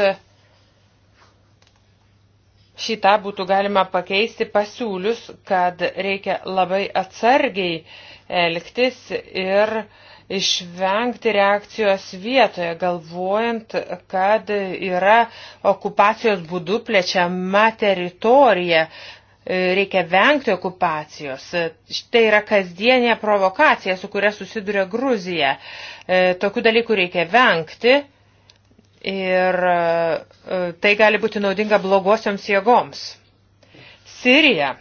šitą būtų galima pakeisti pasiūlius, kad reikia labai atsargiai elgtis ir išvengti reakcijos vietoje, galvojant, kad yra okupacijos būdu plečiama teritorija, E, reikia vengti okupacijos. Štai yra kasdienė provokacija, su kuria susiduria Gruzija. E, tokių dalykų reikia vengti ir e, tai gali būti naudinga blogosioms jėgoms. Sirija.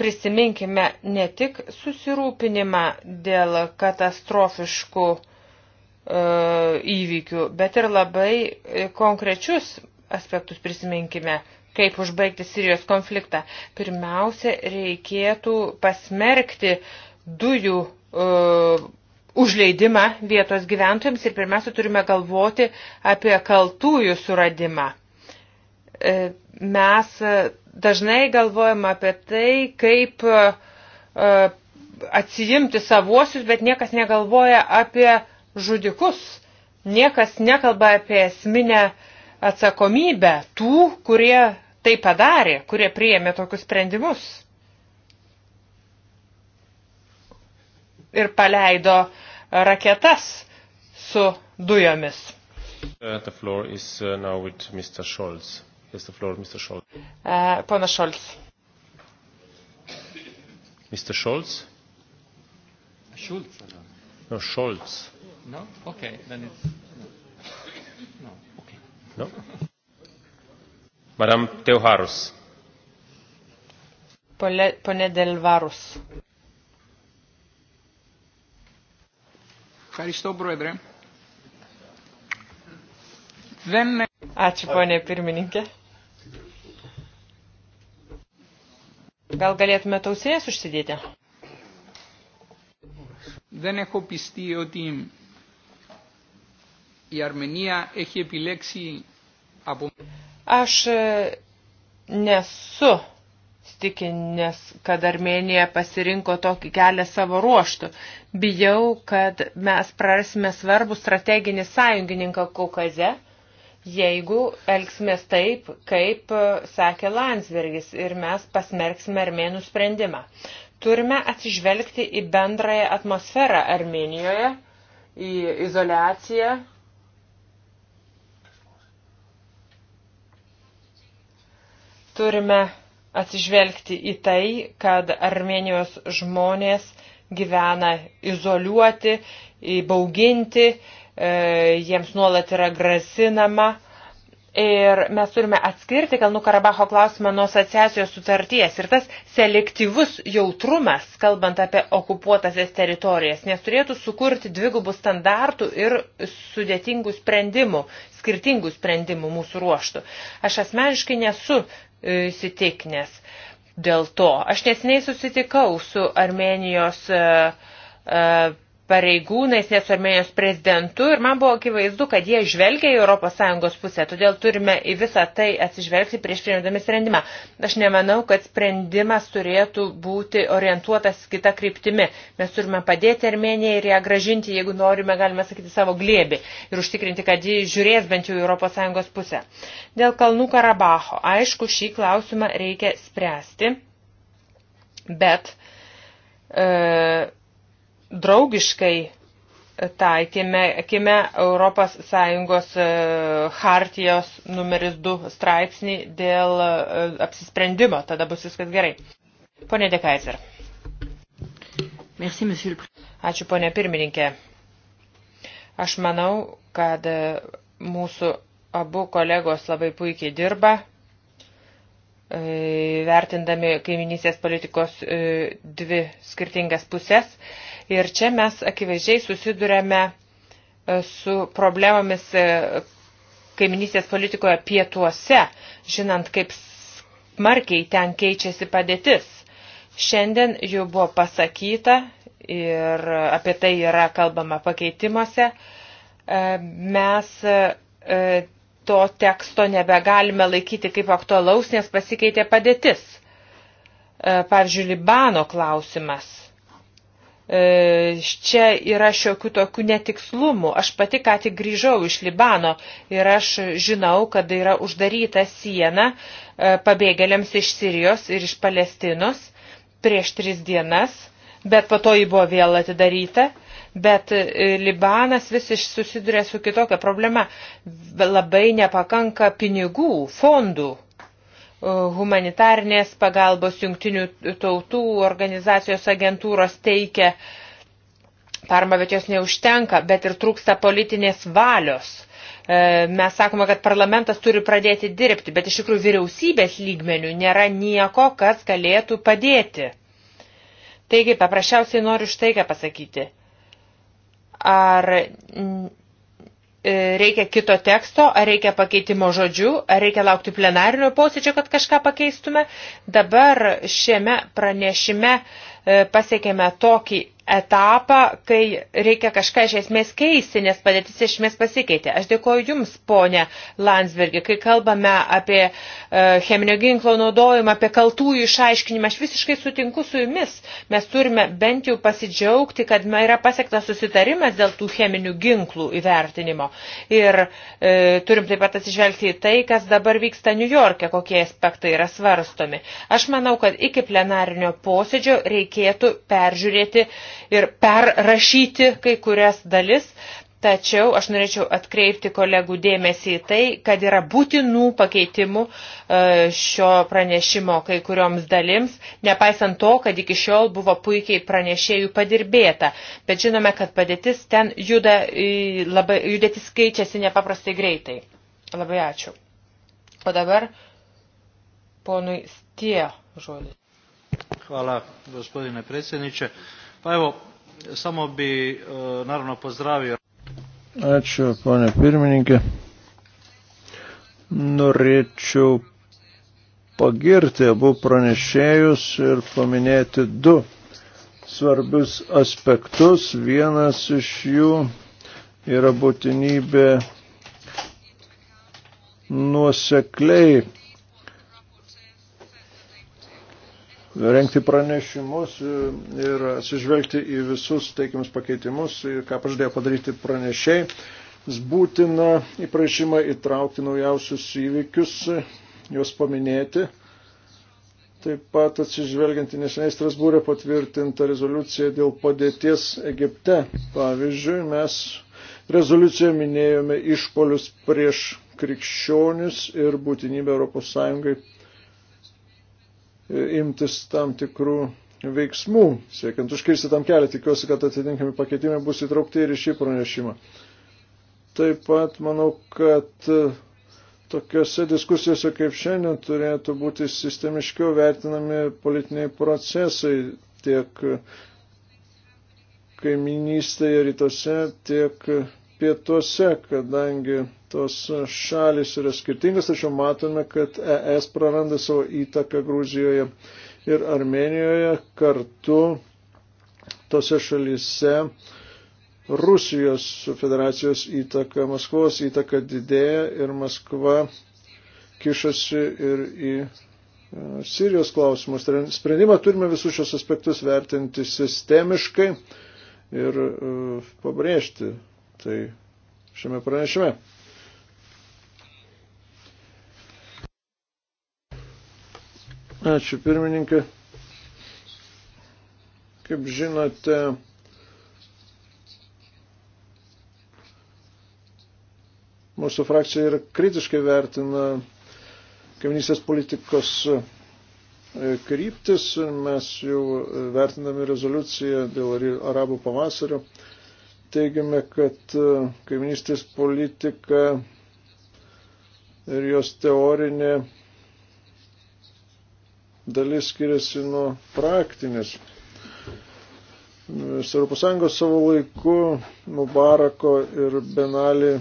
Prisiminkime ne tik susirūpinimą dėl katastrofiškų įvykių, bet ir labai konkrečius aspektus prisiminkime kaip užbaigti Sirijos konfliktą. Pirmiausia, reikėtų pasmerkti dujų uh, užleidimą vietos gyventojams ir pirmiausia turime galvoti apie kaltųjų suradimą. E, mes dažnai galvojam apie tai, kaip e, atsijimti savuosius, bet niekas negalvoja apie žudikus. Niekas nekalba apie esminę uh, atsakomybę tų, kurie tai padarė, kurie priėmė tokius sprendimus. Ir paleido raketas su dujomis. Uh, is, uh, Mr. Scholz. Yes, floor, Mr. Scholz. Uh, Pana Scholz. Mr. Scholz? Schulz. No, Scholz. No? Okay, then it's... No. Madame Teoharus. Pone, pone Delvarus. Ευχαριστώ, Πρόεδρε. Δεν... Ačiū, ponė pirmininkė. Gal galėtume tausėjas užsidėti? Δεν έχω πιστεί ότι η Αρμενία έχει επιλέξει από... Aš nesu stikinęs, kad Armenija pasirinko tokį kelią savo ruoštų. Bijau, kad mes prarasime svarbų strateginį sąjungininką Kaukaze, jeigu elgsimės taip, kaip e, sakė Landsbergis ir mes pasmerksime armėnų sprendimą. Turime atsižvelgti į bendrąją atmosferą Armenijoje, į izolaciją Turime atsižvelgti į tai, kad Armenijos žmonės gyvena izoliuoti, įbauginti, e, jiems nuolat yra grasinama. Ir mes turime atskirti Kalnų Karabaho klausimą nuo asociacijos sutarties ir tas selektyvus jautrumas, kalbant apie okupuotasias teritorijas, nes turėtų sukurti dvigubų standartų ir sudėtingų sprendimų, skirtingų sprendimų mūsų ruoštų. Aš asmeniškai nesu įsitiknęs dėl to. Aš nesiniai susitikau su Armenijos e, e, pareigūnais, ne su Armenijos prezidentu ir man buvo akivaizdu, kad jie žvelgia į ES pusę, todėl turime į visą tai atsižvelgti prieš priimdami sprendimą. Aš nemanau, kad sprendimas turėtų būti orientuotas kita kryptimi. Mes turime padėti Armenijai ir ją gražinti, jeigu norime, galime sakyti, savo glėbi ir užtikrinti, kad ji žiūrės bent jau ES pusę. Dėl Kalnų Karabaho, aišku, šį klausimą reikia spręsti, bet e, draugiškai taikėme Europos Sąjungos e, hartijos numeris 2 straipsnį dėl e, apsisprendimo. Tada bus viskas gerai. Pone Dekaiser. Merci, monsieur. Ačiū, ponė pirmininkė. Aš manau, kad e, mūsų abu kolegos labai puikiai dirba, vertindami kaiminysės politikos dvi skirtingas pusės. Ir čia mes akivaizdžiai susidurėme e, su problemomis e, kaiminystės politikoje pietuose, žinant, kaip smarkiai ten keičiasi padėtis. Šiandien jau buvo pasakyta ir apie tai yra kalbama pakeitimuose. E, mes to teksto nebegalime laikyti kaip aktualaus, nes pasikeitė padėtis. Pavyzdžiui, Libano klausimas – E, čia yra šiokių tokių netikslumų. Aš pati ką tik grįžau iš Libano ir aš žinau, kad yra uždaryta siena e, pabėgėliams iš Sirijos ir iš Palestinos prieš tris dienas, bet po to ji buvo vėl atidaryta bet e, Libanas vis susiduria su kitokia problema. Labai nepakanka pinigų, fondų humanitarnės pagalbos jungtinių tautų organizacijos agentūros teikia parma, bet jos neužtenka, bet ir trūksta politinės valios. E, mes sakome, kad parlamentas turi pradėti dirbti, bet iš tikrųjų vyriausybės lygmenių nėra nieko, kas galėtų padėti. Taigi, paprasčiausiai noriu štai ką pasakyti. Ar E, reikia kito teksto, ar reikia pakeitimo žodžių, ar reikia laukti plenarinio posėdžio, kad kažką pakeistume. Dabar šiame pranešime e, pasiekėme tokį etapą, kai reikia kažką iš esmės keisti, nes padėtis iš esmės pasikeitė. Aš dėkoju Jums, ponė Landsbergi, kai kalbame apie e, cheminio ginklo naudojimą, apie kaltųjų išaiškinimą, aš visiškai sutinku su Jumis. Mes turime bent jau pasidžiaugti, kad yra pasiektas susitarimas dėl tų cheminių ginklų įvertinimo. Ir e, turim taip pat atsižvelgti į tai, kas dabar vyksta New York'e, kokie aspektai yra svarstomi. Aš manau, kad iki plenarinio posėdžio reikėtų peržiūrėti ir perrašyti kai kurias dalis, Tačiau aš norėčiau atkreipti kolegų dėmesį į tai, kad yra būtinų pakeitimų e, šio pranešimo kai kurioms dalims, nepaisant to, kad iki šiol buvo puikiai pranešėjų padirbėta. Bet žinome, kad padėtis ten juda, labai, judėtis keičiasi nepaprastai greitai. Labai ačiū. O dabar ponui Stie žodis. Hvala, gospodine predsjedniče. Pa evo, samo bi e, naravno pozdravio. Ačiū, ponė pirmininkė. Norėčiau pagirti abu pranešėjus ir paminėti du svarbius aspektus. Vienas iš jų yra būtinybė nuosekliai rengti pranešimus e, ir atsižvelgti į visus teikiamus pakeitimus ir ką pažadėjo padaryti pranešiai. Būtina į prašymą įtraukti naujausius įvykius, juos paminėti. Taip pat atsižvelgiant į nesenai Strasbūrė patvirtintą rezoliuciją dėl padėties Egipte. Pavyzdžiui, mes rezoliuciją minėjome išpolius prieš krikščionius ir būtinybę ES imtis tam tikrų veiksmų, siekiant užkirsti tam kelią. Tikiuosi, kad atitinkami pakeitimai bus įtraukti ir į šį pranešimą. Taip pat manau, kad e, tokiuose diskusijose kaip šiandien turėtų būti sistemiškiau vertinami politiniai procesai tiek e, kaiminystėje rytuose, tiek e, pietuose, kadangi tos šalis yra skirtingas, tačiau matome, kad ES praranda savo įtaką Gruzijoje ir Armenijoje kartu tose šalise Rusijos federacijos įtaka, Maskvos įtaka didėja ir Maskva kišasi ir į e, Sirijos klausimus. Sprendimą turime visus šios aspektus vertinti sistemiškai ir e, pabrėžti tai šiame pranešime. Ačiū pirmininkė. Kaip žinote, mūsų frakcija ir kritiškai vertina kaiminystės politikos e, kryptis. Mes jau vertinami rezoliuciją dėl arabų pavasario teigiame, kad e, kaiminystės politika ir jos teorinė dalis skiriasi nuo praktinės. Europos Sąjungos savo laiku Mubarako ir Benali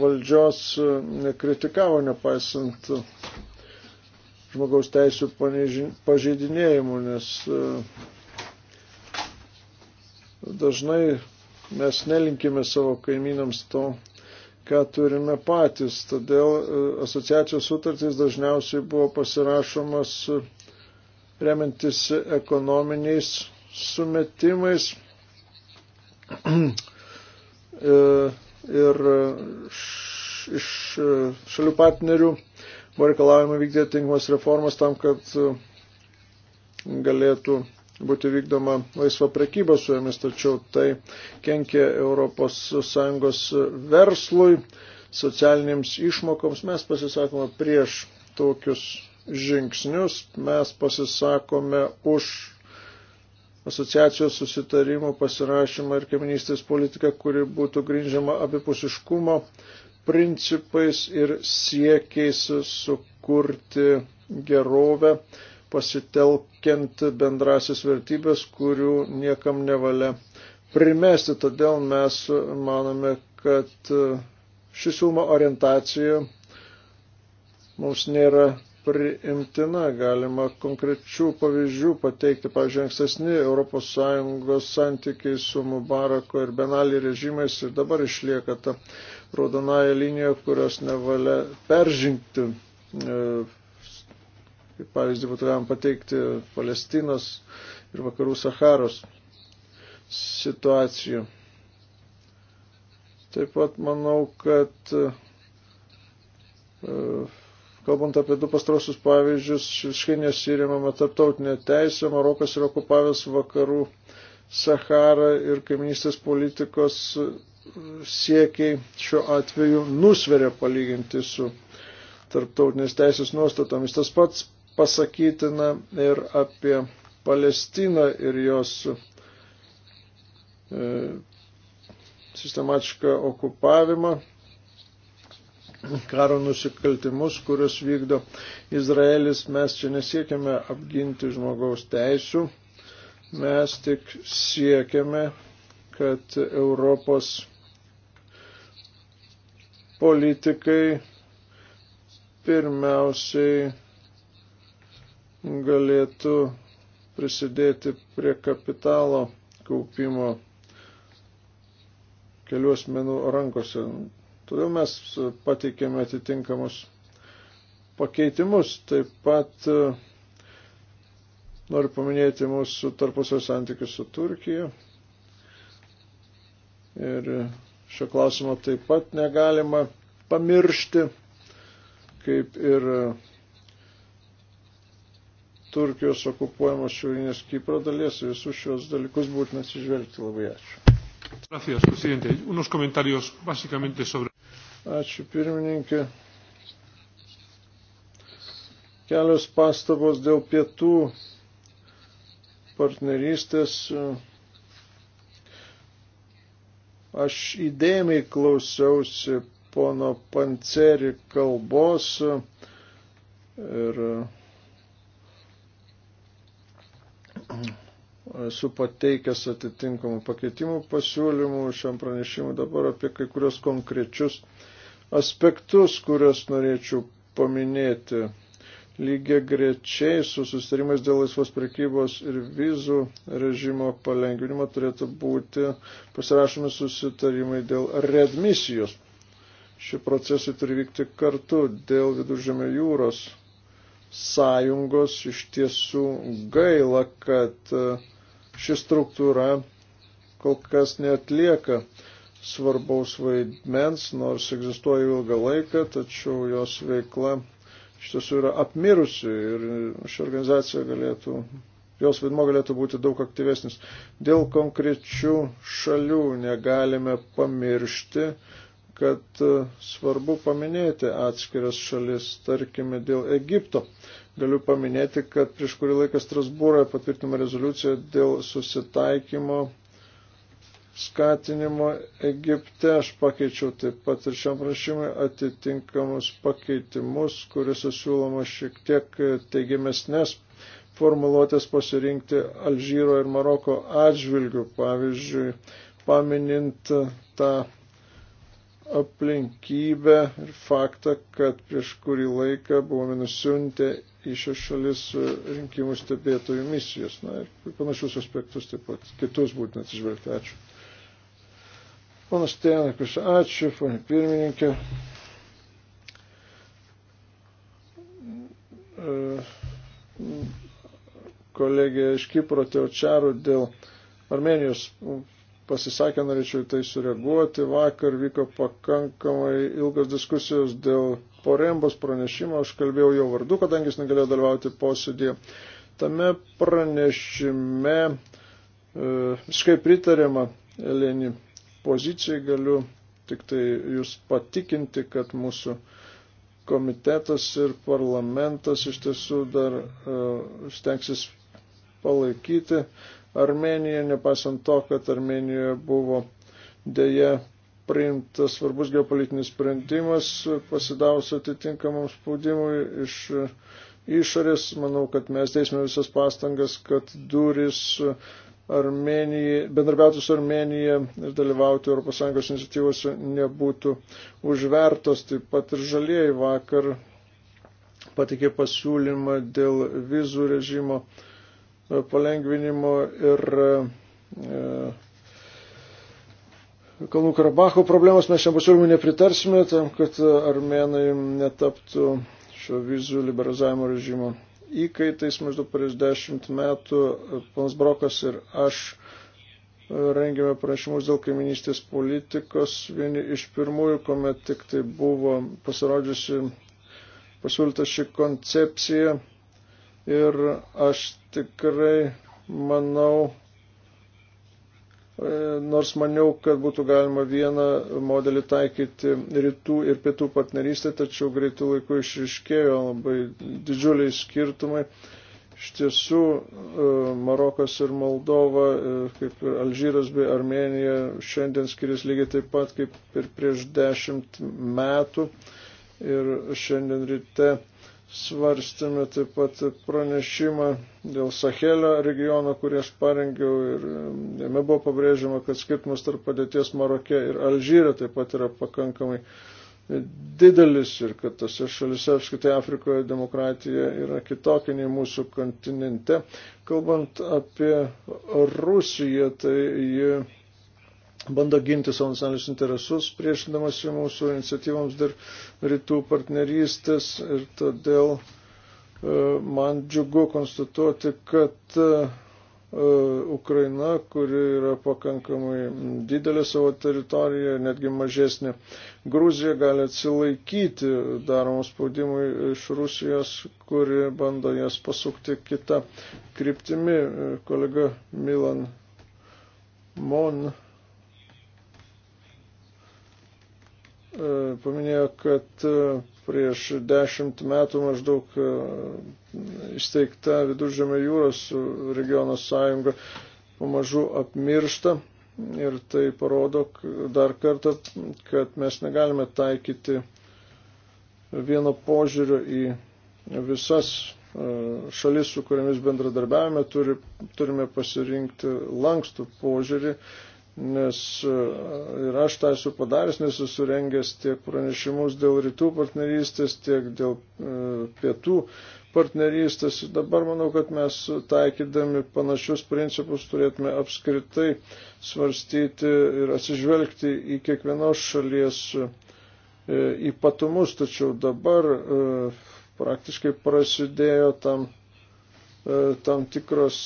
valdžios e, nekritikavo, nepaisant žmogaus teisų pažeidinėjimų, nes e, dažnai Mes nelinkime savo kaimynams to, ką turime patys. Todėl e, asociacijos sutartys dažniausiai buvo pasirašomas e, remiantis ekonominiais sumetimais. [clears throat] E, ir iš šalių partnerių buvo reikalavimai vykdyti tinkamas reformas tam, kad galėtų būti vykdoma laisva prekyba su jomis, tačiau tai kenkia ES verslui, socialinėms išmokoms. Mes pasisakome prieš tokius žingsnius, mes pasisakome už asociacijos susitarimų pasirašymą ir kaiminystės politiką, kuri būtų grindžiama abipusiškumo principais ir siekiais sukurti gerovę pasitelkiant bendrasis vertybės, kurių niekam nevalia primesti. Todėl mes manome, kad ši siūlymo orientacija mums nėra priimtina, galima konkrečių pavyzdžių pateikti, pavyzdžiui, ankstesni ES santykiai su Mubarako ir Benali režimais ir dabar išlieka ta raudonaja linija, kurios nevalia peržingti. E, Kaip pavyzdį būtų galima pateikti Palestinos ir vakarų Saharos situacijų. Taip pat manau, kad e, kalbant apie du pastrosius pavyzdžius, visiškai nesirėmama tarptautinė teisė, Marokas yra okupavęs vakarų Sahara ir kaiminystės politikos siekiai šiuo atveju nusveria palyginti su tarptautinės teisės nuostatomis. Tas pats pasakytina ir apie Palestiną ir jos e, sistematišką okupavimą, karo nusikaltimus, kuriuos vykdo Izraelis. Mes čia nesiekiame apginti žmogaus teisų, mes tik siekiame, kad Europos politikai pirmiausiai galėtų prisidėti prie kapitalo kaupimo kelių asmenų rankose. Todėl mes pateikėme atitinkamus pakeitimus. Taip pat e, noriu paminėti mūsų tarpusio santykius su Turkija. Ir šio klausimo taip pat negalima pamiršti, kaip ir Turkijos okupuojamos šiaurinės Kipro dalies. Visus šios dalykus būtina atsižvelgti. Labai ačiū. Gracias, presidente. Unos comentarios básicamente sobre. Ačiū pirmininkė. Kelios pastabos dėl pietų partnerystės. Aš įdėmiai klausiausi pono Panceri kalbos ir uh, esu pateikęs atitinkamų pakeitimų pasiūlymų šiam pranešimui dabar apie kai kurios konkrečius aspektus, kuriuos norėčiau paminėti. Lygiai grečiai su sustarimais dėl laisvos prekybos ir vizų režimo palengvinimo turėtų būti pasirašomi susitarimai dėl redmisijos. Šie procesai turi vykti kartu dėl viduržėmio jūros sąjungos iš tiesų gaila, kad e, ši struktūra kol kas netlieka svarbaus vaidmens, nors egzistuoja ilgą laiką, tačiau jos veikla iš tiesų yra apmirusi ir ši organizacija galėtų, jos vaidmo galėtų būti daug aktyvesnis. Dėl konkrečių šalių negalime pamiršti, kad e, svarbu paminėti atskiras šalis, tarkime, dėl Egipto. Galiu paminėti, kad prieš kurį laiką Strasbūroje patvirtinama rezoliucija dėl susitaikymo skatinimo Egipte. Aš pakeičiau taip pat ir šiam prašymui atitinkamus pakeitimus, kuriuose siūloma šiek tiek teigiamesnės formuluotės pasirinkti Alžyro ir Maroko atžvilgių, pavyzdžiui, paminint tą aplinkybę ir faktą, kad prieš kurį laiką buvome nusiuntę į šias šalis e, rinkimų stebėtojų misijos. Na ir panašius aspektus taip pat kitus būtent atsižvelgti. Ačiū. Ponas Tėnakas, ačiū, ponė pirmininkė. E, kolegė iš Kipro Teočarų dėl Armenijos pasisakė, norėčiau tai sureaguoti. Vakar vyko pakankamai ilgas diskusijos dėl porembos pranešimo, aš kalbėjau jo vardu, kadangi jis negalėjo dalyvauti posėdėje. Tame pranešime e, visiškai pritarėma Eleni pozicijai, galiu tik tai jūs patikinti, kad mūsų komitetas ir parlamentas iš tiesų dar e, stengsis palaikyti Armeniją, nepasant to, kad Armenijoje buvo dėja priimtas svarbus geopolitinis sprendimas, pasidavus atitinkamam spaudimui iš išorės. Manau, kad mes dėsime visas pastangas, kad duris Armenijai, bendarbiauti su Armenija ir dalyvauti ES iniciatyvose nebūtų užvertos. Taip pat ir žalieji vakar patikė pasiūlymą dėl vizų režimo palengvinimo ir e, e, Kalnų Karabacho problemos mes šiam pasiūlymui nepritarsime, tam, kad armenai netaptų šio vizų liberalizavimo režimo įkaitais maždaug prieš dešimt metų. Pons Brokas ir aš rengėme pranešimus dėl kaiminystės politikos. Vieni iš pirmųjų, kuomet tik tai buvo pasirodžiusi pasiūlyta ši koncepcija, Ir aš tikrai manau, e, nors maniau, kad būtų galima vieną modelį taikyti rytų ir pietų partnerystę, tačiau greitų laikų išriškėjo labai didžiuliai skirtumai. Iš tiesų, e, Marokas ir Moldova, e, kaip ir Alžyras bei Armenija, šiandien skiriasi lygiai taip pat kaip ir prieš dešimt metų. Ir šiandien ryte svarstėme taip pat pranešimą dėl Sahelio regiono, kurį aš parengiau ir e, jame buvo pabrėžiama, kad skirtumas tarp padėties Marokė ir Alžyrė taip pat yra pakankamai didelis ir kad tose šalise, apskritai Afrikoje, demokratija yra kitokia nei mūsų kontinente. Kalbant apie Rusiją, tai ji bando ginti savo nacionalinius interesus, priešindamasi mūsų iniciatyvams dar rytų partnerystės ir todėl e, man džiugu konstatuoti, kad e, e, Ukraina, kuri yra pakankamai didelė savo teritorija, netgi mažesnė, Gruzija gali atsilaikyti daromų spaudimui iš Rusijos, kuri bando jas pasukti kitą kryptimį. Kolega Milan Mon E, paminėjo, kad e, prieš dešimt metų maždaug e, įsteigta Viduržėmio jūros regiono sąjunga pamažu apmiršta ir tai parodo dar kartą, kad mes negalime taikyti vieno požiūrio į visas šalis, su kuriamis bendradarbiavime, turi, turime pasirinkti lankstų požiūrį nes e, ir aš tą esu padaręs, nesu surengęs tiek pranešimus dėl rytų partnerystės, tiek dėl e, pietų partnerystės. Dabar manau, kad mes taikydami panašius principus turėtume apskritai svarstyti ir atsižvelgti į kiekvienos šalies e, ypatumus, tačiau dabar praktiškai prasidėjo tam, tam tikros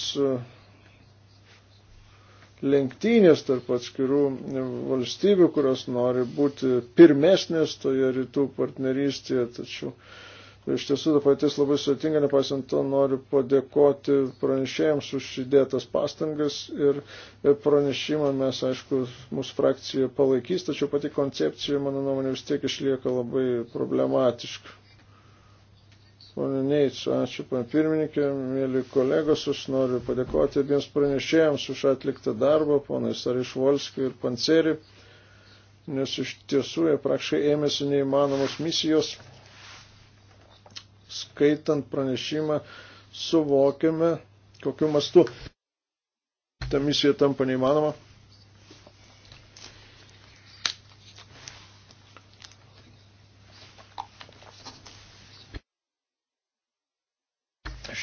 lenktynės tarp atskirų valstybių, kurios nori būti pirmesnės toje rytų partnerystėje, tačiau iš tiesų ta patys labai sudėtinga, nepaisant to noriu padėkoti pranešėjams už įdėtas pastangas ir pranešimą mes, aišku, mūsų frakcija palaikys, tačiau pati koncepcija, mano nuomonė, vis tiek išlieka labai problematiška. Pone Neits, ačiū, pane pirmininkė, mėly kolegos, aš noriu padėkoti abiems pranešėjams už atliktą darbą, ponai Sarišvolskiui ir Panceri, nes iš tiesų jie prakšai ėmėsi neįmanomos misijos. Skaitant pranešimą, suvokiame, kokiu mastu ta misija tampa neįmanoma.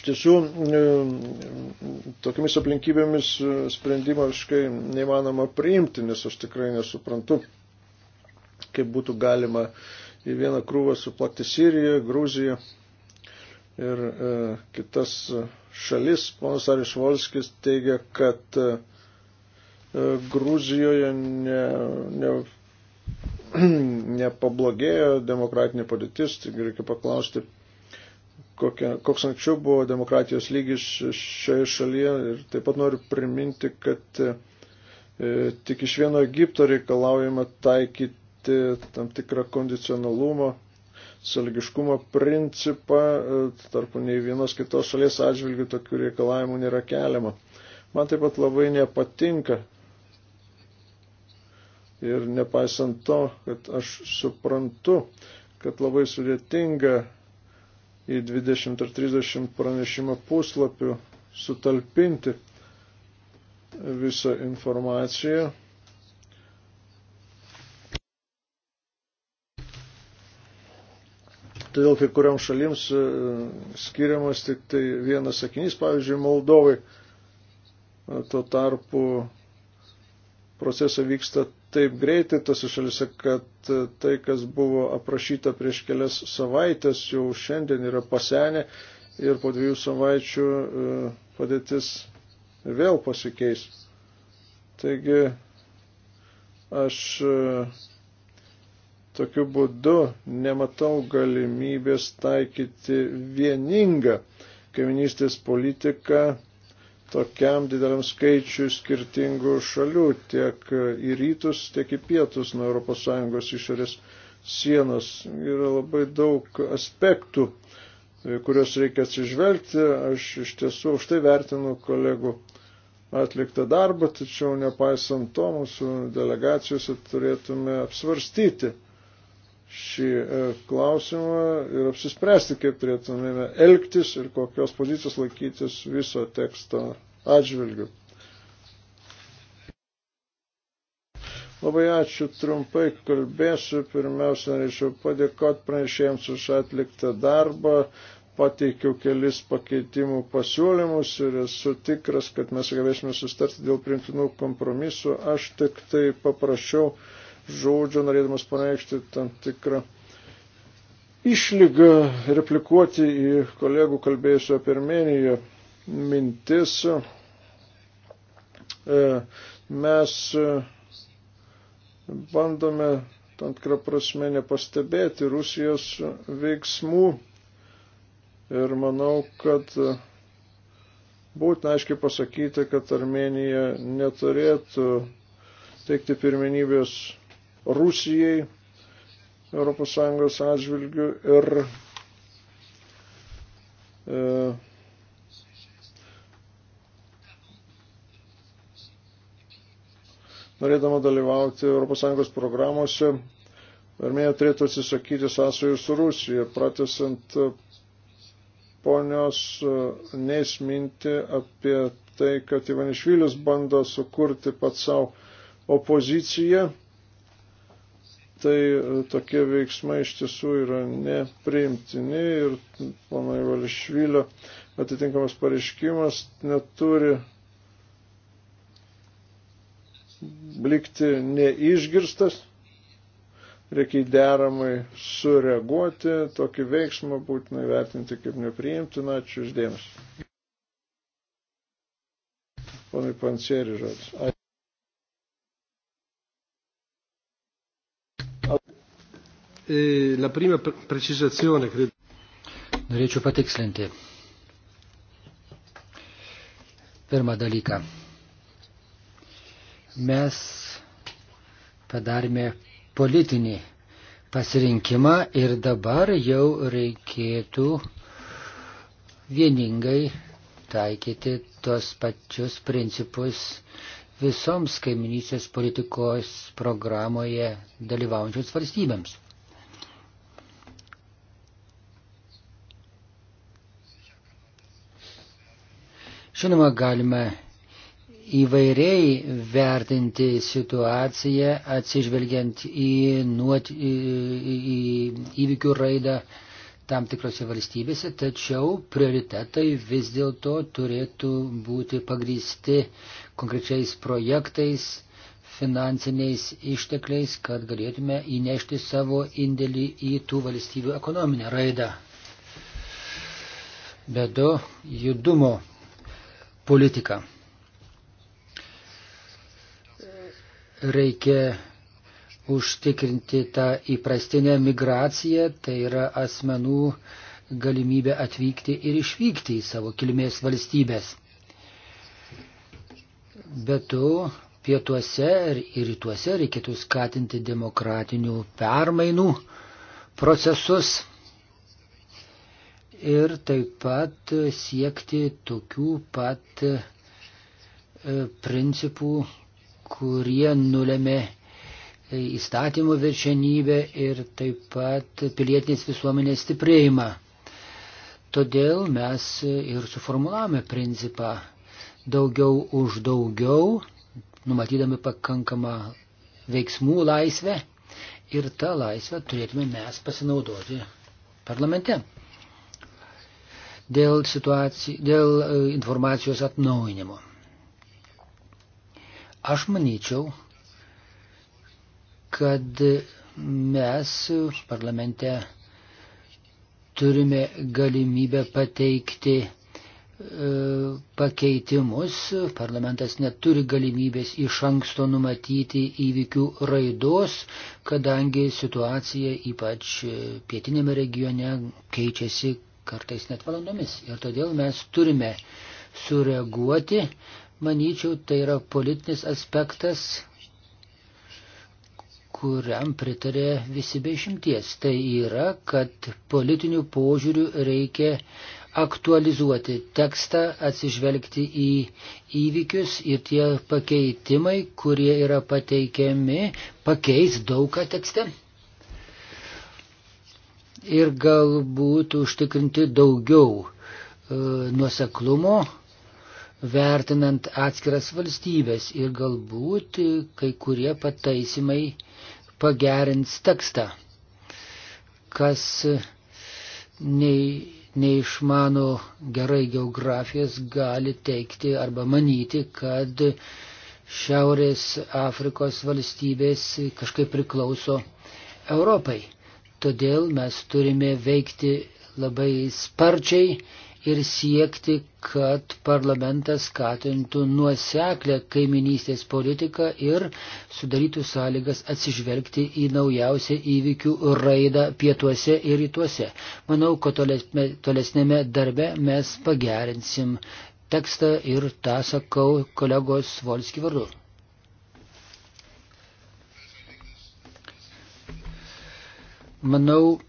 Iš tiesų, e, tokiamis aplinkybėmis e, sprendimą visiškai neįmanoma priimti, nes aš tikrai nesuprantu, kaip būtų galima į vieną krūvą suplakti Siriją, Gruziją ir e, kitas šalis. Ponas Aris Volskis teigia, kad e, Gruzijoje ne, ne, [clears throat] nepablogėjo demokratinė padėtis, taigi reikia paklausti, kokia, koks anksčiau buvo demokratijos lygis šioje šalyje. Ir taip pat noriu priminti, kad e, tik iš vieno Egipto reikalaujama taikyti tam tikrą kondicionalumą, salgiškumo principą, e, tarpu nei vienos kitos šalies atžvilgių tokių reikalavimų nėra keliama. Man taip pat labai nepatinka. Ir nepaisant to, kad aš suprantu, kad labai sudėtinga į 20 ar 30 pranešimo puslapių sutalpinti visą informaciją. Todėl kai kuriam šalims e, skiriamas tik tai vienas sakinys, pavyzdžiui, Moldovai. E, tuo tarpu procesą vyksta taip greitai tose šalise, kad tai, kas buvo aprašyta prieš kelias savaitės, jau šiandien yra pasenę ir po dviejų savaičių e, padėtis vėl pasikeis. Taigi aš e, tokiu būdu nematau galimybės taikyti vieningą kaiminystės politiką tokiam dideliam skaičiui skirtingų šalių tiek į rytus, tiek į pietus nuo ES išorės sienos. Yra labai daug aspektų, kuriuos reikia atsižvelgti. Aš iš tiesų už tai vertinu kolegų atliktą darbą, tačiau nepaisant to mūsų delegacijose turėtume apsvarstyti šį e, klausimą ir apsispręsti, kaip turėtumėme elgtis ir kokios pozicijos laikytis viso teksto atžvilgių. Labai ačiū, trumpai kalbėsiu. Pirmiausia, norėčiau padėkoti pranešėjams už atliktą darbą. Pateikiau kelis pakeitimų pasiūlymus ir esu tikras, kad mes galėsime sustarti dėl primtinų kompromisų. Aš tik tai paprašiau žodžio, norėdamas pareikšti tam tikrą išlygą, replikuoti į kolegų kalbėjusių apie Armeniją mintis. E, mes e, bandome tam tikrą prasme nepastebėti Rusijos veiksmų ir manau, kad būtina aiškiai pasakyti, kad Armenija neturėtų teikti pirmenybės Rusijai ES atžvilgių ir e, norėdama dalyvauti ES programuose, Armėnija turėtų atsisakyti sąsojų su Rusija, pratesant e, ponios e, neįsminti apie tai, kad Ivanišvilis bando sukurti pat savo opoziciją tai e, tokie veiksmai iš tiesų yra nepriimtini ir pono Ivališvilio atitinkamas pareiškimas neturi likti neišgirstas, reikia deramai sureaguoti, tokį veiksmą būtinai vertinti kaip nepriimtiną, ačiū uždėmesi. Ponai Pancieri žodis. E, la prima precisazione, credo. Norėčiau patikslinti. Pirmą dalyką. Mes padarėme politinį pasirinkimą ir dabar jau reikėtų vieningai taikyti tos pačius principus visoms kaiminysės politikos programoje dalyvaujančios valstybėms. Žinoma, galime įvairiai vertinti situaciją, atsižvelgiant į, nuot, į, į, į įvykių raidą tam tikrose valstybėse, tačiau prioritetai vis dėlto turėtų būti pagrysti konkrečiais projektais, finansiniais ištekliais, kad galėtume įnešti savo indėlį į tų valstybių ekonominę raidą. Be do judumo politiką. Reikia užtikrinti tą įprastinę migraciją, tai yra asmenų galimybė atvykti ir išvykti į savo kilmės valstybės. Be to, pietuose ir rytuose reikėtų skatinti demokratinių permainų procesus ir taip pat siekti tokių pat e, principų, kurie nulėmė e, įstatymų viršenybę ir taip pat pilietinės visuomenės stiprėjimą. Todėl mes e, ir suformulavome principą daugiau už daugiau, numatydami pakankamą veiksmų laisvę ir tą laisvę turėtume mes pasinaudoti parlamente dėl, dėl e, informacijos atnaujinimo. Aš manyčiau, kad mes parlamente turime galimybę pateikti e, pakeitimus. Parlamentas neturi galimybės iš anksto numatyti įvykių raidos, kadangi situacija ypač pietinėme regione keičiasi kartais net valandomis. Ir todėl mes turime sureaguoti, manyčiau, tai yra politinis aspektas, kuriam pritarė visi be išimties. Tai yra, kad politinių požiūrių reikia aktualizuoti tekstą, atsižvelgti į įvykius ir tie pakeitimai, kurie yra pateikiami, pakeis daugą tekste ir galbūt užtikrinti daugiau e, nuoseklumo, vertinant atskiras valstybės ir galbūt kai kurie pataisimai pagerins tekstą. Kas nei, neišmano gerai geografijos gali teikti arba manyti, kad Šiaurės Afrikos valstybės kažkaip priklauso Europai. Todėl mes turime veikti labai sparčiai ir siekti, kad parlamentas skatintų nuoseklę kaiminystės politiką ir sudarytų sąlygas atsižvelgti į naujausią įvykių raidą pietuose ir rytuose. Manau, kad tolesnėme darbe mes pagerinsim tekstą ir tą sakau kolegos Volski vardu. Manau.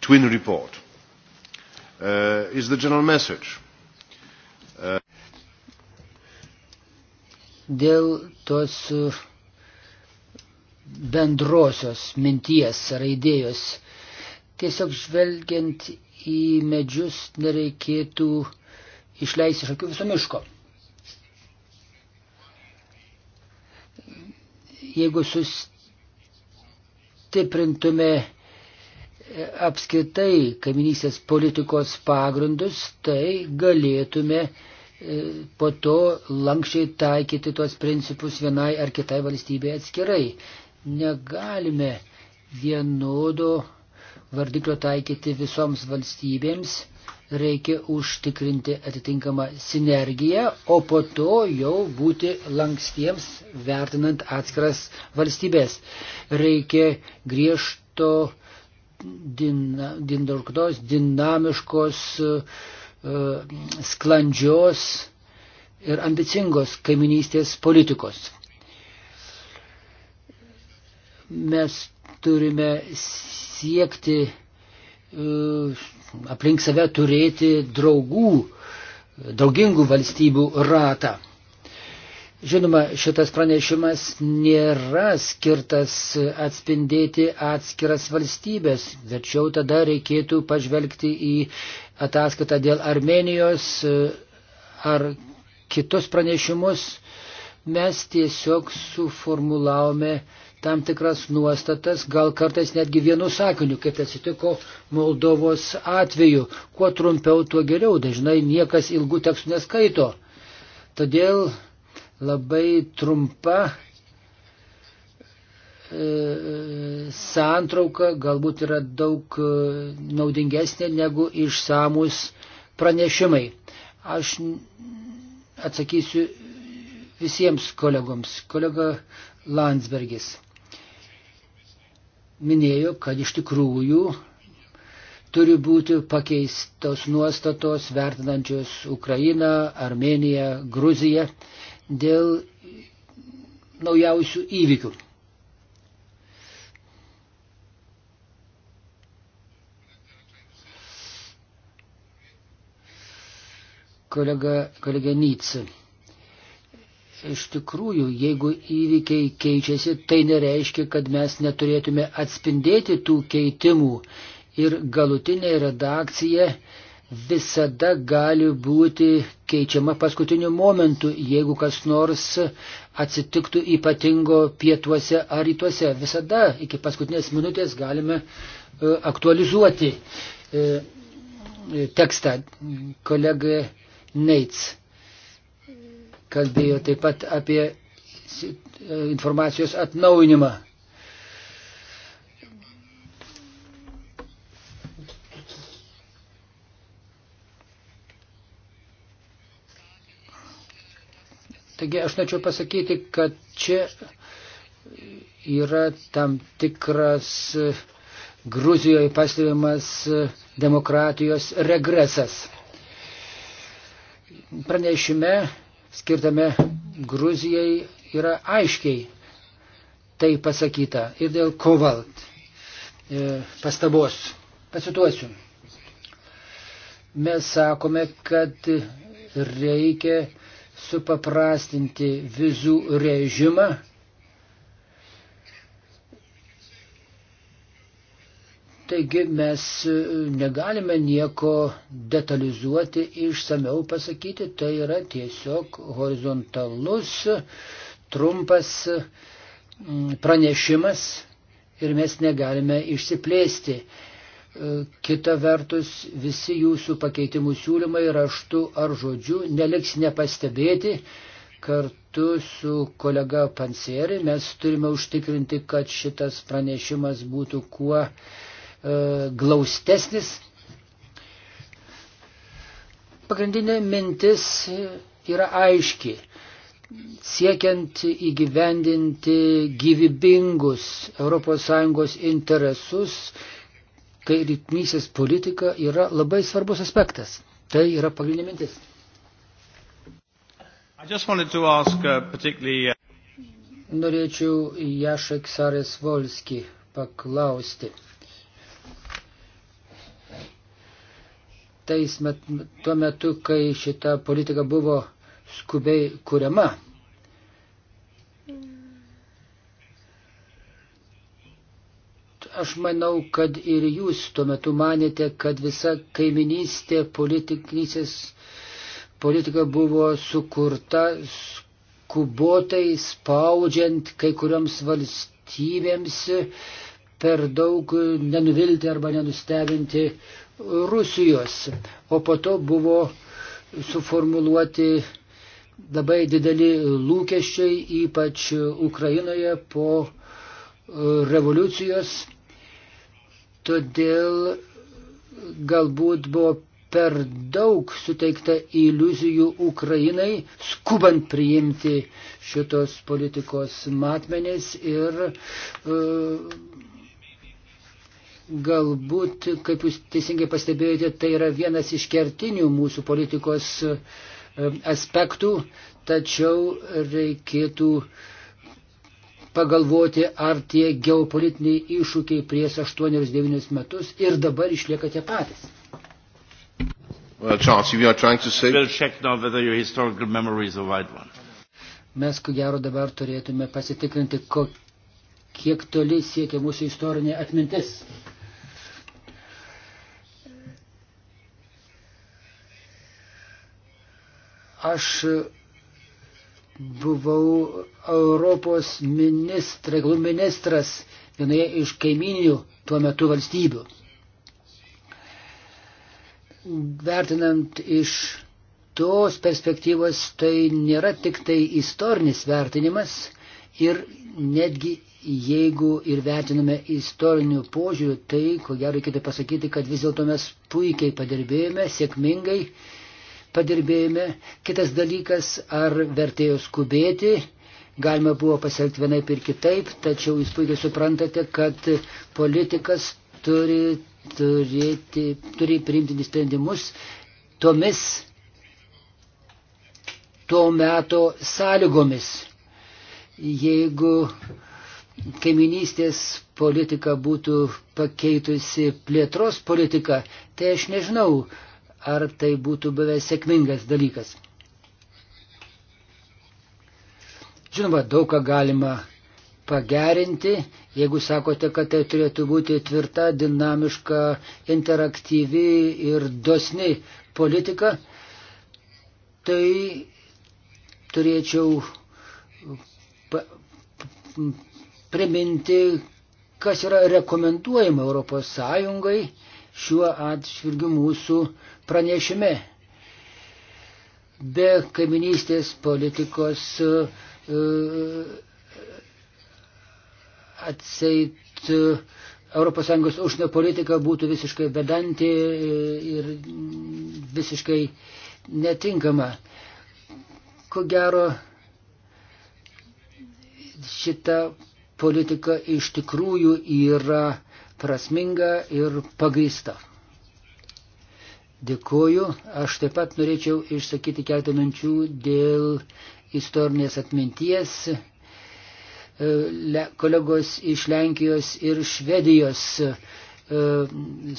Twin report uh, is the general message. Uh... Dėl tos uh, bendrosios minties ar idėjos, tiesiog žvelgiant į medžius nereikėtų išleisti iš akių viso miško. Jeigu sus, stiprintume e, apskritai kaiminysės politikos pagrindus, tai galėtume e, po to lankščiai taikyti tuos principus vienai ar kitai valstybei atskirai. Negalime vienodo vardiklio taikyti visoms valstybėms, reikia užtikrinti atitinkamą sinergiją, o po to jau būti lankstiems vertinant atskiras valstybės. Reikia griežto dina, dindarktos, dinamiškos, e, sklandžios ir ambicingos kaiminystės politikos. Mes turime siekti e, aplink save turėti draugų, draugingų valstybių ratą. Žinoma, šitas pranešimas nėra skirtas atspindėti atskiras valstybės, tačiau tada reikėtų pažvelgti į ataskaitą dėl Armenijos e, ar kitus pranešimus. Mes tiesiog suformulavome uh, tam tikras nuostatas, gal kartais netgi vienu sakiniu, kaip atsitiko Moldovos atveju. Kuo trumpiau, tuo geriau, dažnai niekas ilgų tekstų neskaito. Todėl labai trumpa e, santrauka galbūt yra daug e, naudingesnė negu išsamus pranešimai. Aš atsakysiu visiems kolegoms. Kolega Landsbergis minėjo, kad iš tikrųjų turi būti pakeistos nuostatos vertinančios Ukrainą, Armeniją, Gruziją dėl naujausių įvykių. Kolega, kolega Nytsė Iš tikrųjų, jeigu įvykiai keičiasi, tai nereiškia, kad mes neturėtume atspindėti tų keitimų. Ir galutinė redakcija visada gali būti keičiama paskutiniu momentu, jeigu kas nors atsitiktų ypatingo pietuose ar rytuose. Visada iki paskutinės minutės galime e, aktualizuoti e, tekstą kolegai Neits kalbėjo taip pat apie e, informacijos atnaujinimą. Taigi aš norėčiau pasakyti, kad čia yra tam tikras e, Gruzijoje pastebimas e, demokratijos regresas. Pranešime skirtame Gruzijai yra aiškiai tai pasakyta ir dėl Kovalt e, pastabos. Pacituosiu. Mes sakome, kad reikia supaprastinti vizų režimą Taigi mes e, negalime nieko detalizuoti, išsameu pasakyti, tai yra tiesiog horizontalus, trumpas pranešimas ir mes negalime išsiplėsti. E, kita vertus, visi jūsų pakeitimų siūlymai raštu ar žodžiu neliks nepastebėti. Kartu su kolega Panseri mes turime užtikrinti, kad šitas pranešimas būtų kuo uh, E, glaustesnis. Pagrindinė mintis yra aiški. Siekiant įgyvendinti gyvybingus ES interesus, kai rytmysis politika yra labai svarbus aspektas. Tai yra pagrindinė mintis. Ask, uh, particularly... Uh, Norėčiau Jašek Sarės Volski paklausti. tais met, tuo metu, kai šita politika buvo skubiai kuriama. Aš manau, kad ir jūs tuo metu manėte, kad visa kaiminystė politika buvo sukurta skubotai spaudžiant kai kurioms valstybėms per daug nenuvilti arba nenustebinti Rusijos, o po to buvo suformuluoti labai dideli lūkesčiai, ypač Ukrainoje po e, revoliucijos. Todėl galbūt buvo per daug suteikta iliuzijų Ukrainai, skubant priimti šitos politikos matmenės ir uh, Galbūt, kaip jūs teisingai pastebėjote, tai yra vienas iš kertinių mūsų politikos e, aspektų, tačiau reikėtų pagalvoti, ar tie geopolitiniai iššūkiai prieš 8-9 metus ir dabar išlieka tie patys. Well, Charles, if you are trying to say... We'll check now whether your historical memory is the right one. Mes, ko gero, dabar turėtume pasitikrinti, ko, kiek toli siekia mūsų istorinė atmintis. Aš buvau Europos ministra, ministras vienoje iš kaiminių tuo metu valstybių. Vertinant iš tos perspektyvos, tai nėra tik tai istorinis vertinimas ir netgi jeigu ir vertiname istorinių požiūrių, tai ko gero reikėtų pasakyti, kad vis dėlto mes puikiai padirbėjome, sėkmingai padirbėjome. Kitas dalykas, ar vertėjo skubėti, galima buvo pasielgti vienaip ir kitaip, tačiau jūs puikiai suprantate, kad politikas turi, turėti, turi priimti sprendimus tomis tuo metu sąlygomis. Jeigu kaiminystės politika būtų pakeitusi plėtros politiką, tai aš nežinau, ar tai būtų buvęs sėkmingas dalykas. Žinoma, daug ką galima pagerinti, jeigu sakote, kad tai turėtų būti tvirta, dinamiška, interaktyvi ir dosni politika, tai turėčiau priminti, kas yra rekomenduojama Europos Sąjungai šiuo atšvirgiu mūsų pranešime be kaiminystės politikos e, e, atseit ES užsienio politika būtų visiškai bedanti e, ir visiškai netinkama. Ko gero, šita politika iš tikrųjų yra prasminga ir pagrįsta. Dėkuoju. Aš taip pat norėčiau išsakyti keletą minčių dėl istorinės atminties. E, le, kolegos iš Lenkijos ir Švedijos e,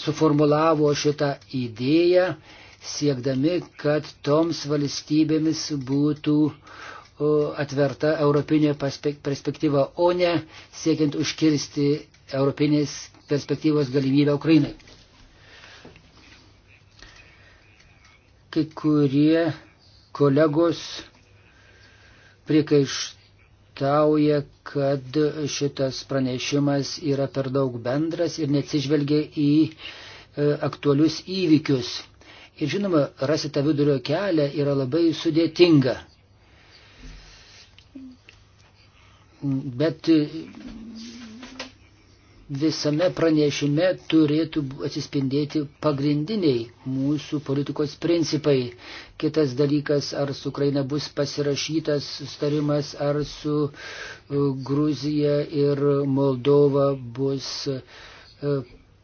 suformulavo šitą idėją, siekdami, kad toms valstybėmis būtų atverta europinė perspektyva, o ne siekiant užkirsti europinės perspektyvos galimybę Ukrainai. kai kurie kolegos priekaištauja, kad šitas pranešimas yra per daug bendras ir neatsižvelgia į e, aktualius įvykius. Ir žinoma, rasti tą vidurio kelią yra labai sudėtinga. Bet visame pranešime turėtų atsispindėti pagrindiniai mūsų politikos principai. Kitas dalykas, ar su Ukraina bus pasirašytas sustarimas, ar su e, Gruzija ir Moldova bus e,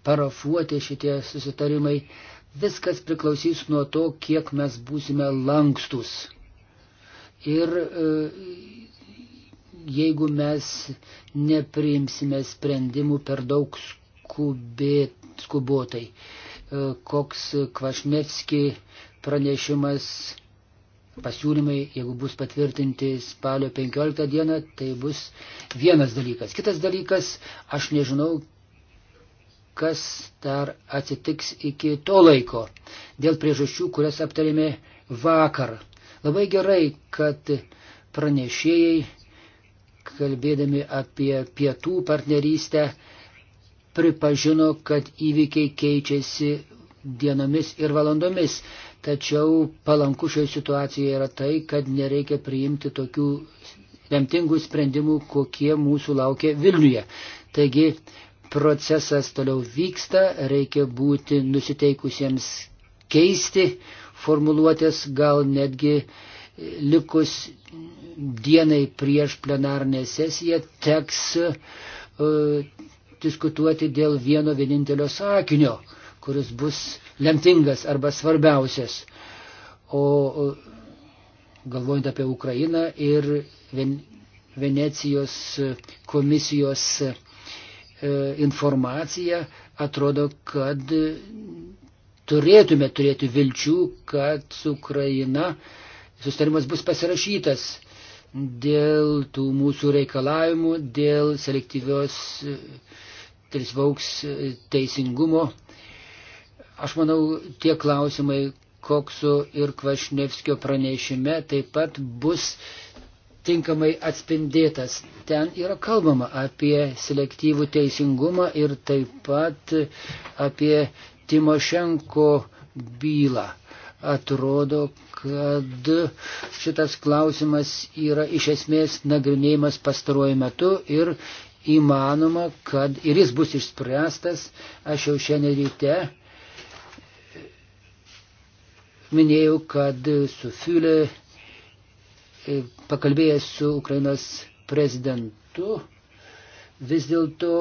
parafuoti šitie susitarimai. Viskas priklausys nuo to, kiek mes būsime lankstus. Ir e, jeigu mes nepriimsime sprendimų per daug skubėt, skubotai. E, koks Kvašnevski pranešimas, pasiūlymai, jeigu bus patvirtinti spalio 15 dieną, tai bus vienas dalykas. Kitas dalykas, aš nežinau, kas dar atsitiks iki to laiko, dėl priežasčių, kurias aptarėme vakar. Labai gerai, kad pranešėjai kalbėdami apie pietų partnerystę, pripažino, kad įvykiai keičiasi dienomis ir valandomis. Tačiau palanku šioje situacijoje yra tai, kad nereikia priimti tokių lemtingų sprendimų, kokie mūsų laukia Vilniuje. Taigi procesas toliau vyksta, reikia būti nusiteikusiems keisti formuluotės, gal netgi likus dienai prieš plenarnę sesiją teks uh, diskutuoti dėl vieno vienintelio sakinio, kuris bus lemtingas arba svarbiausias. O galvojant apie Ukrainą ir Venecijos komisijos e, informacija, atrodo, kad turėtume turėti vilčių, kad su Ukraina sustarimas bus pasirašytas dėl tų mūsų reikalavimų, dėl selektyvios trisvauks teisingumo. Aš manau, tie klausimai Koksu ir Kvašnevskio pranešime taip pat bus tinkamai atspindėtas. Ten yra kalbama apie selektyvų teisingumą ir taip pat apie Timošenko bylą. Atrodo, kad šitas klausimas yra iš esmės nagrinėjimas pastaruoju metu ir įmanoma, kad ir jis bus išspręstas. Aš jau šiandien ryte minėjau, kad su Fiulė e, pakalbėjęs su Ukrainos prezidentu vis dėlto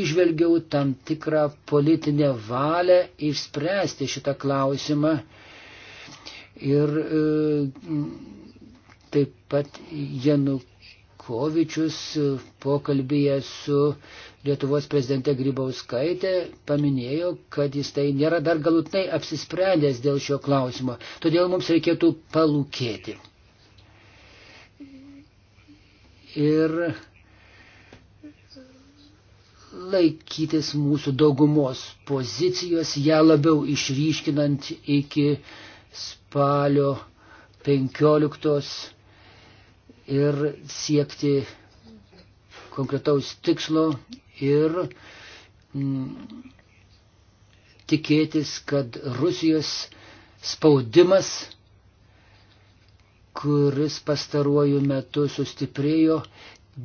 išvelgiau tam tikrą politinę valią išspręsti šitą klausimą Ir e, taip pat Janukovičius pokalbėje su Lietuvos prezidente Grybauskaitė paminėjo, kad jis tai nėra dar galutinai apsisprendęs dėl šio klausimo. Todėl mums reikėtų palūkėti. Ir laikytis mūsų daugumos pozicijos, ją labiau išryškinant iki spalio 15 ir siekti konkretaus tikslo ir mm, tikėtis, kad Rusijos spaudimas, kuris pastaruoju metu sustiprėjo,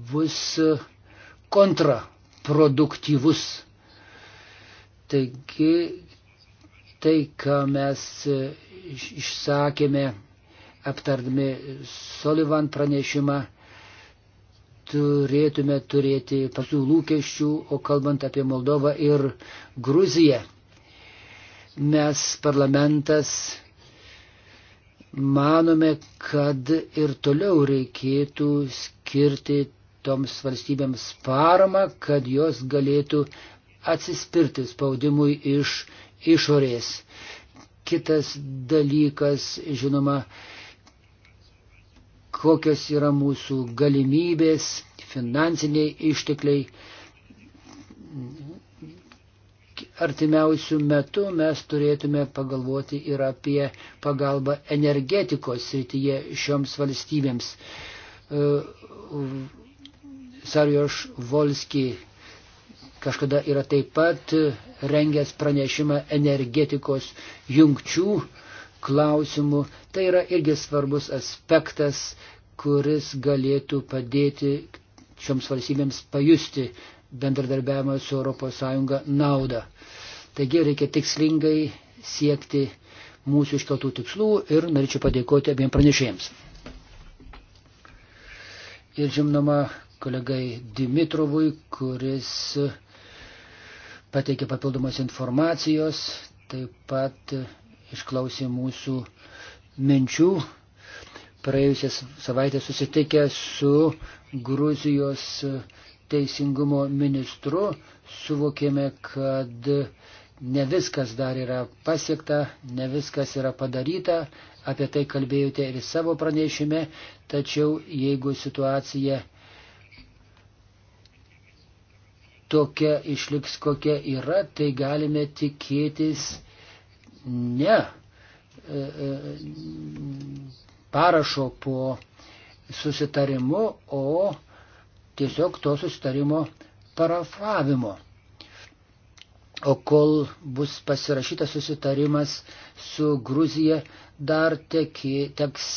bus kontraproduktyvus. Taigi Tai, ką mes e, išsakėme aptardami Solivan pranešimą, turėtume turėti pasų lūkesčių, o kalbant apie Moldovą ir Gruziją, mes parlamentas manome, kad ir toliau reikėtų skirti toms valstybėms paramą, kad jos galėtų atsispirti spaudimui iš išorės. Kitas dalykas, žinoma, kokios yra mūsų galimybės, finansiniai ištekliai. Artimiausių metų mes turėtume pagalvoti ir apie pagalbą energetikos srityje šioms valstybėms. E, Sarjoš Volski kažkada yra taip pat e, rengęs pranešimą energetikos jungčių klausimų. Tai yra irgi svarbus aspektas, kuris galėtų padėti šioms valstybėms pajusti bendradarbiavimo su ES naudą. Taigi reikia tikslingai siekti mūsų iškeltų tikslų ir norėčiau padėkoti abiem pranešėjams. Ir žinoma, kolegai Dimitrovui, kuris uh, pateikė papildomos informacijos, taip pat išklausė mūsų minčių. Praėjusią savaitę susitikę su Gruzijos teisingumo ministru suvokėme, kad ne viskas dar yra pasiekta, ne viskas yra padaryta, apie tai kalbėjote ir savo pranešime, tačiau jeigu situacija tokia išliks, kokia yra, tai galime tikėtis ne e, e, parašo po susitarimu, o tiesiog to susitarimo parafavimo. O kol bus pasirašytas susitarimas su Gruzija, dar teki, teks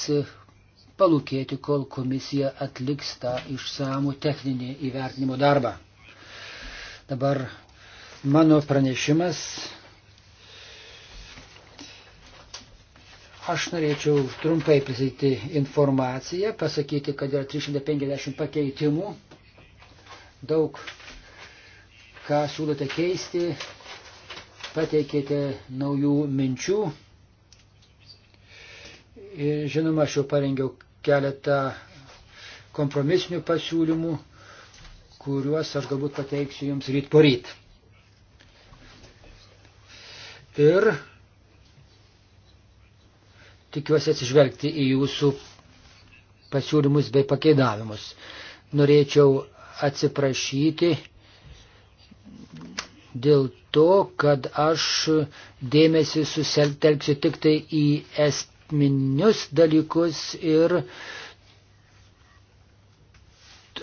palūkėti, kol komisija atliks tą išsamų techninį įvertinimo darbą. Dabar mano pranešimas. Aš norėčiau trumpai prisėti informaciją, pasakyti, kad yra 350 pakeitimų. Daug ką siūlote keisti, pateikėte naujų minčių. Ir žinoma, aš jau parengiau keletą kompromisinių pasiūlymų kuriuos aš galbūt pateiksiu jums ryt po ryt. Ir tikiuosi atsižvelgti į jūsų pasiūlymus bei pakeidavimus. Norėčiau atsiprašyti dėl to, kad aš dėmesį susitelksiu tik tai į esminius dalykus ir uh,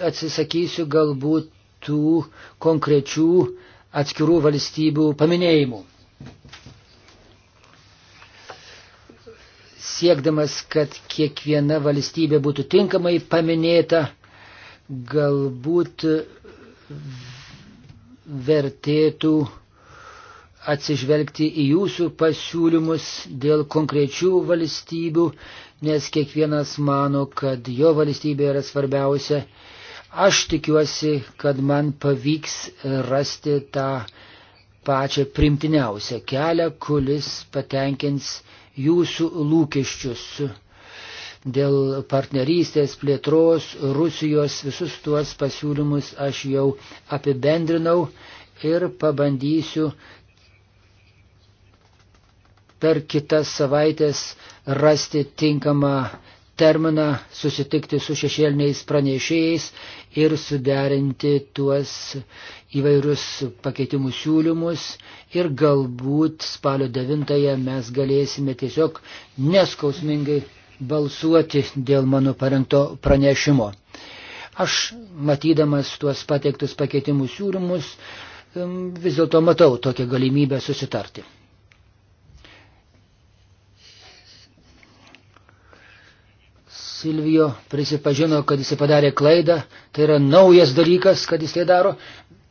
atsisakysiu galbūt tų konkrečių atskirų valstybių paminėjimų. Siekdamas, kad kiekviena valstybė būtų tinkamai paminėta, galbūt vertėtų atsižvelgti į jūsų pasiūlymus dėl konkrečių valstybių, nes kiekvienas mano, kad jo valstybė yra svarbiausia Aš tikiuosi, kad man pavyks rasti tą pačią primtiniausią kelią, kuris patenkins jūsų lūkesčius dėl partnerystės, plėtros, Rusijos, visus tuos pasiūlymus aš jau apibendrinau ir pabandysiu per kitas savaitės rasti tinkamą terminą susitikti su šešėliniais pranešėjais ir suderinti tuos įvairius pakeitimų siūlymus ir galbūt spalio 9 mes galėsime tiesiog neskausmingai balsuoti dėl mano parengto pranešimo. Aš matydamas tuos pateiktus pakeitimų siūlymus vis dėlto matau tokią galimybę susitarti. Silvijo prisipažino, kad jis padarė klaidą, tai yra naujas dalykas, kad jis tai daro,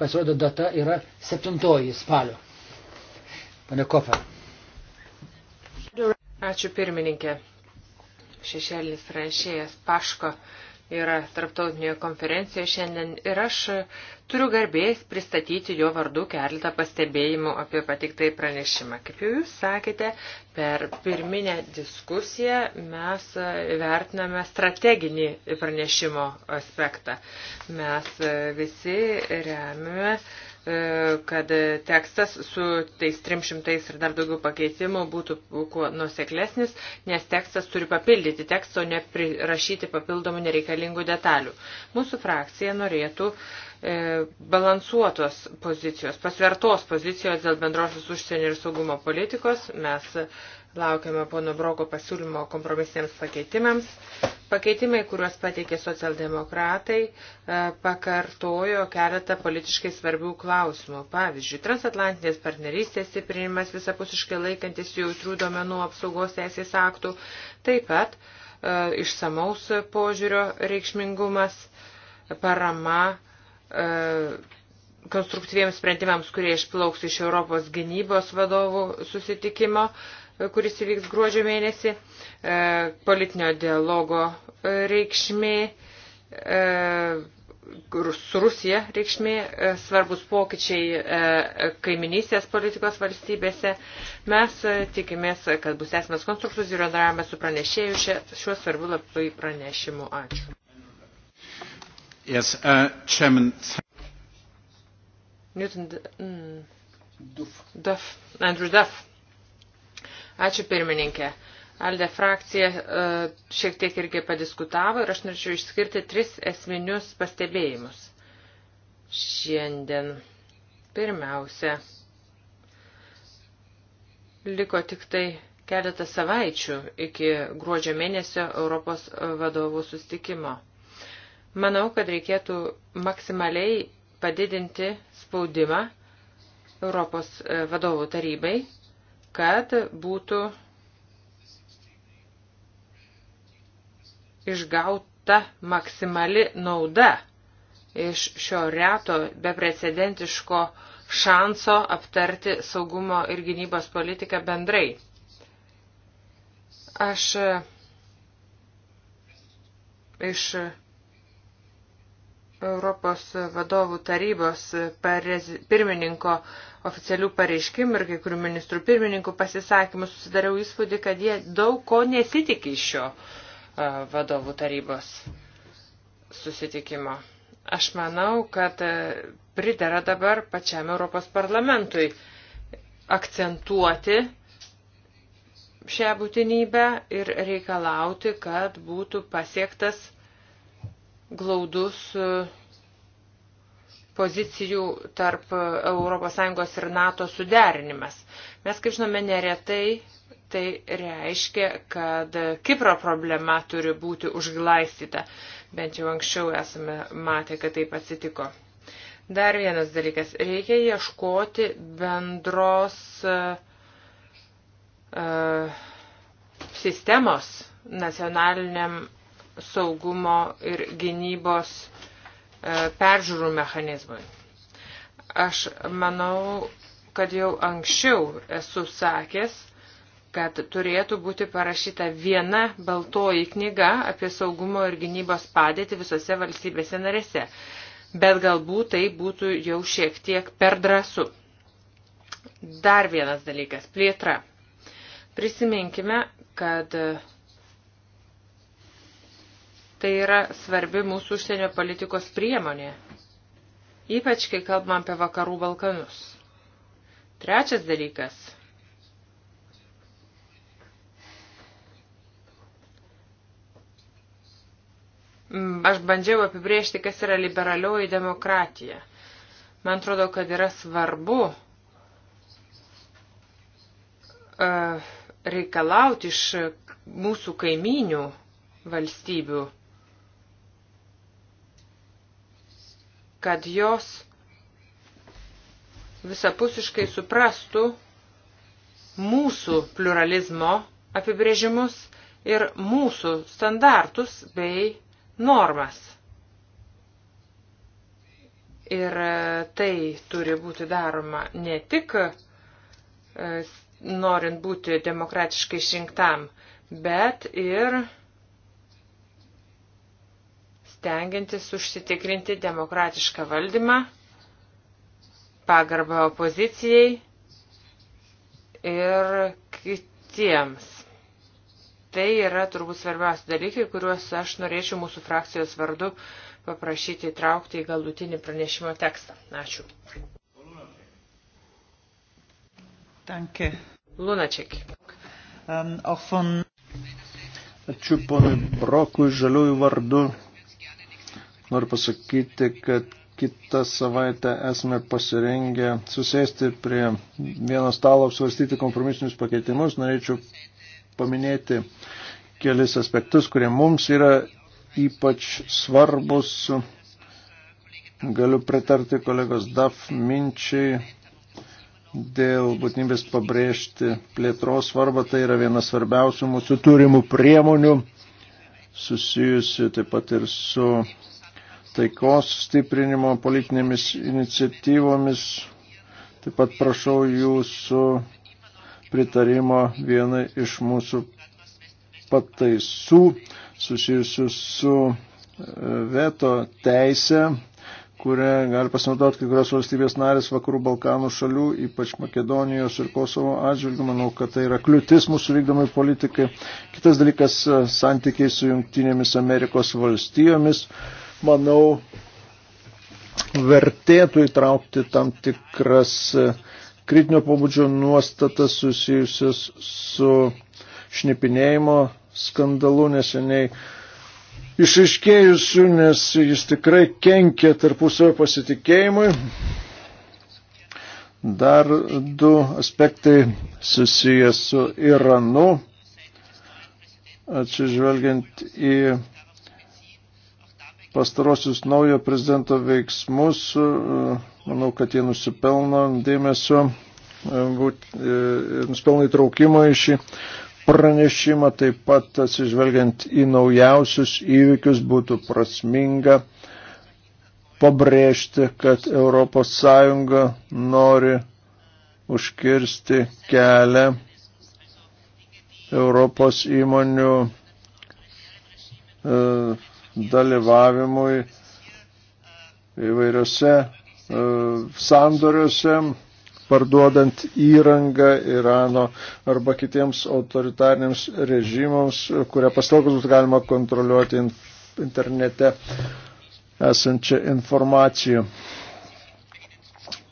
pasirodo data yra 7 spalio. Pane Kofa. Ačiū pirmininkė. Šešėlis ranšėjas Paško yra tarptautinėje konferencijoje šiandien ir aš turiu garbės pristatyti jo vardu keletą pastebėjimų apie patiktai pranešimą. Kaip jau jūs sakėte, per pirminę diskusiją mes vertiname strateginį pranešimo aspektą. Mes visi remiame E, kad tekstas su tais 300 ir dar daugiau pakeitimų būtų kuo nuseklesnis, nes tekstas turi papildyti teksto, o ne prirašyti papildomų nereikalingų detalių. Mūsų frakcija norėtų e, balansuotos pozicijos, pasvertos pozicijos dėl bendrosios užsienio ir saugumo politikos. Mes Laukiame pono Broko pasiūlymo kompromisiniams pakeitimams. Pakeitimai, kuriuos pateikė socialdemokratai, e, pakartojo keletą politiškai svarbių klausimų. Pavyzdžiui, transatlantinės partnerystės stiprinimas visapusiškai laikantis jautrių duomenų apsaugos teisės aktų, taip pat e, išsamaus požiūrio reikšmingumas, parama e, konstruktyviems sprendimams, kurie išplauks iš Europos gynybos vadovų susitikimo, kuris įvyks gruodžio mėnesį, e, politinio dialogo e, reikšmė, e, su Rusija reikšmė, svarbus pokyčiai kaiminysės politikos valstybėse. Mes tikimės, kad bus esmės konstruktus ir bendravime su pranešėju šiuo svarbiu labai pranešimu. Ačiū. Yes, uh, chairman. Newton, mm, Duff. Duff. Andrew Duff. Ačiū pirmininkė. Alde frakcija e, šiek tiek irgi padiskutavo ir aš norėčiau išskirti tris esminius pastebėjimus. Šiandien pirmiausia, liko tik tai keletą savaičių iki gruodžio mėnesio Europos vadovų sustikimo. Manau, kad reikėtų maksimaliai padidinti spaudimą Europos e, vadovų tarybai kad būtų išgauta maksimali nauda iš šio reto beprecedentiško šanso aptarti saugumo ir gynybos politiką bendrai. Aš iš Europos vadovų tarybos pirmininko oficialių pareiškimų ir kai kurių ministrų pirmininkų pasisakymų susidariau įspūdį, kad jie daug ko nesitikė iš šio vadovų tarybos susitikimo. Aš manau, kad pridara dabar pačiam Europos parlamentui akcentuoti šią būtinybę ir reikalauti, kad būtų pasiektas uh, glaudus e, pozicijų tarp ES ir NATO suderinimas. Mes, kaip žinome, neretai tai reiškia, kad Kipro problema turi būti užglaistyta. Bent jau anksčiau esame matę, kad taip atsitiko. Dar vienas dalykas. Reikia ieškoti bendros uh, sistemos nacionaliniam saugumo ir gynybos e, peržiūrų mechanizmui. Aš manau, kad jau anksčiau esu sakęs, kad turėtų būti parašyta viena baltoji knyga apie saugumo ir gynybos padėtį visose valstybėse narėse. Bet galbūt tai būtų jau šiek tiek per drąsu. Dar vienas dalykas - plėtra. Prisiminkime, kad Tai yra svarbi mūsų užsienio politikos priemonė, ypač kai kalbam apie vakarų Balkanus. Trečias dalykas. Mm, aš bandžiau apibriežti, kas yra liberalioji demokratija. Man atrodo, kad yra svarbu e, reikalauti iš mūsų kaiminių valstybių kad jos visapusiškai suprastų mūsų pluralizmo apibrėžimus ir mūsų standartus bei normas. Ir e, tai turi būti daroma ne tik e, norint būti demokratiškai išrinktam, bet ir tengiantis užsitikrinti demokratišką valdymą, pagarbą opozicijai ir kitiems. Tai yra turbūt svarbiausi dalykai, kuriuos aš norėčiau mūsų frakcijos vardu paprašyti įtraukti į galutinį pranešimo tekstą. Ačiū. Danke. Lunaček. Um, von... Ačiū ponui Brokui žaliųjų vardu Noriu pasakyti, kad kitą savaitę esame pasirengę susėsti prie vieno stalo apsvarstyti kompromisinius pakeitimus. Norėčiau paminėti kelis aspektus, kurie mums yra ypač svarbus. Galiu pritarti kolegos DAF minčiai dėl būtinybės pabrėžti plėtros svarbą. Tai yra viena svarbiausių mūsų turimų priemonių susijusi taip pat ir su taikos stiprinimo politinėmis iniciatyvomis. Taip pat prašau jūsų pritarimo vienai iš mūsų pataisų susijusių su e, veto teise, kurią gali pasinaudoti kai kurios valstybės narės vakarų Balkanų šalių, ypač Makedonijos ir Kosovo atžvilgių. Manau, kad tai yra kliūtis mūsų vykdomai politikai. Kitas dalykas e, - santykiai su Junktinėmis Amerikos valstijomis manau, vertėtų įtraukti tam tikras e, kritinio pobūdžio nuostatas susijusias su šnipinėjimo skandalu neseniai išaiškėjusiu, nes jis tikrai kenkia tarpusavio pasitikėjimui. Dar du aspektai susijęs su Iranu, atsižvelgiant į pastarosius naujo prezidento veiksmus. E, manau, kad jie nusipelno dėmesio, e, būt, e, nusipelno įtraukimo į šį pranešimą, taip pat atsižvelgiant į naujausius įvykius būtų prasminga pabrėžti, kad ES nori užkirsti kelią Europos įmonių e, dalyvavimui įvairiose e, sandoriuose, parduodant įrangą Irano arba kitiems autoritariniams režimams, kurią pastokus būtų galima kontroliuoti internete esančią informaciją.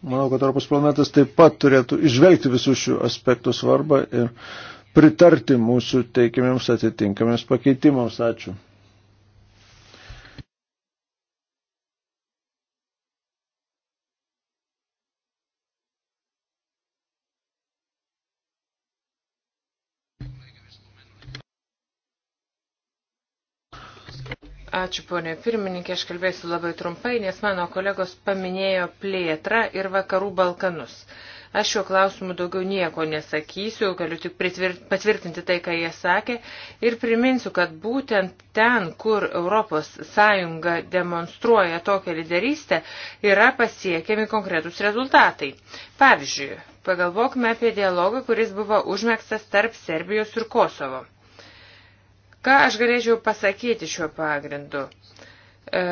Manau, kad Europos planetas taip pat turėtų išvelgti visų šių aspektų svarbą ir pritarti mūsų teikiamiems atitinkamiems pakeitimams. Ačiū. Ačiū, ponė pirmininkė, aš kalbėsiu labai trumpai, nes mano kolegos paminėjo plėtrą ir vakarų Balkanus. Aš šiuo klausimu daugiau nieko nesakysiu, galiu tik patvirtinti tai, ką jie sakė ir priminsiu, kad būtent ten, kur ES demonstruoja tokią lyderystę, yra pasiekiami konkretus rezultatai. Pavyzdžiui, pagalvokime apie dialogą, kuris buvo užmėgstas tarp Serbijos ir Kosovo. Ką aš galėčiau pasakyti šiuo pagrindu? E,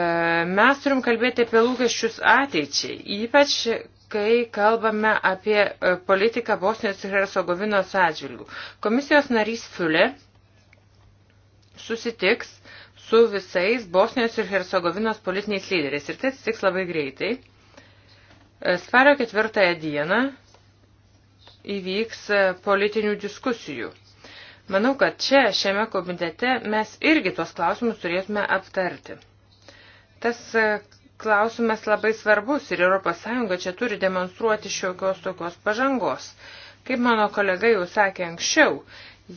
mes turim kalbėti apie lūkesčius ateičiai, ypač kai kalbame apie e, politiką Bosnijos ir Hercegovinos atžvilgių. Komisijos narys Fiule susitiks su visais Bosnijos ir Hercegovinos politiniais lyderiais ir tai atsitiks labai greitai. E, Spario ketvirtąją dieną įvyks politinių diskusijų Manau, kad čia, šiame komitete, mes irgi tuos klausimus turėtume aptarti. Tas e, klausimas labai svarbus ir ES čia turi demonstruoti šiokios tokios pažangos. Kaip mano kolega jau sakė anksčiau,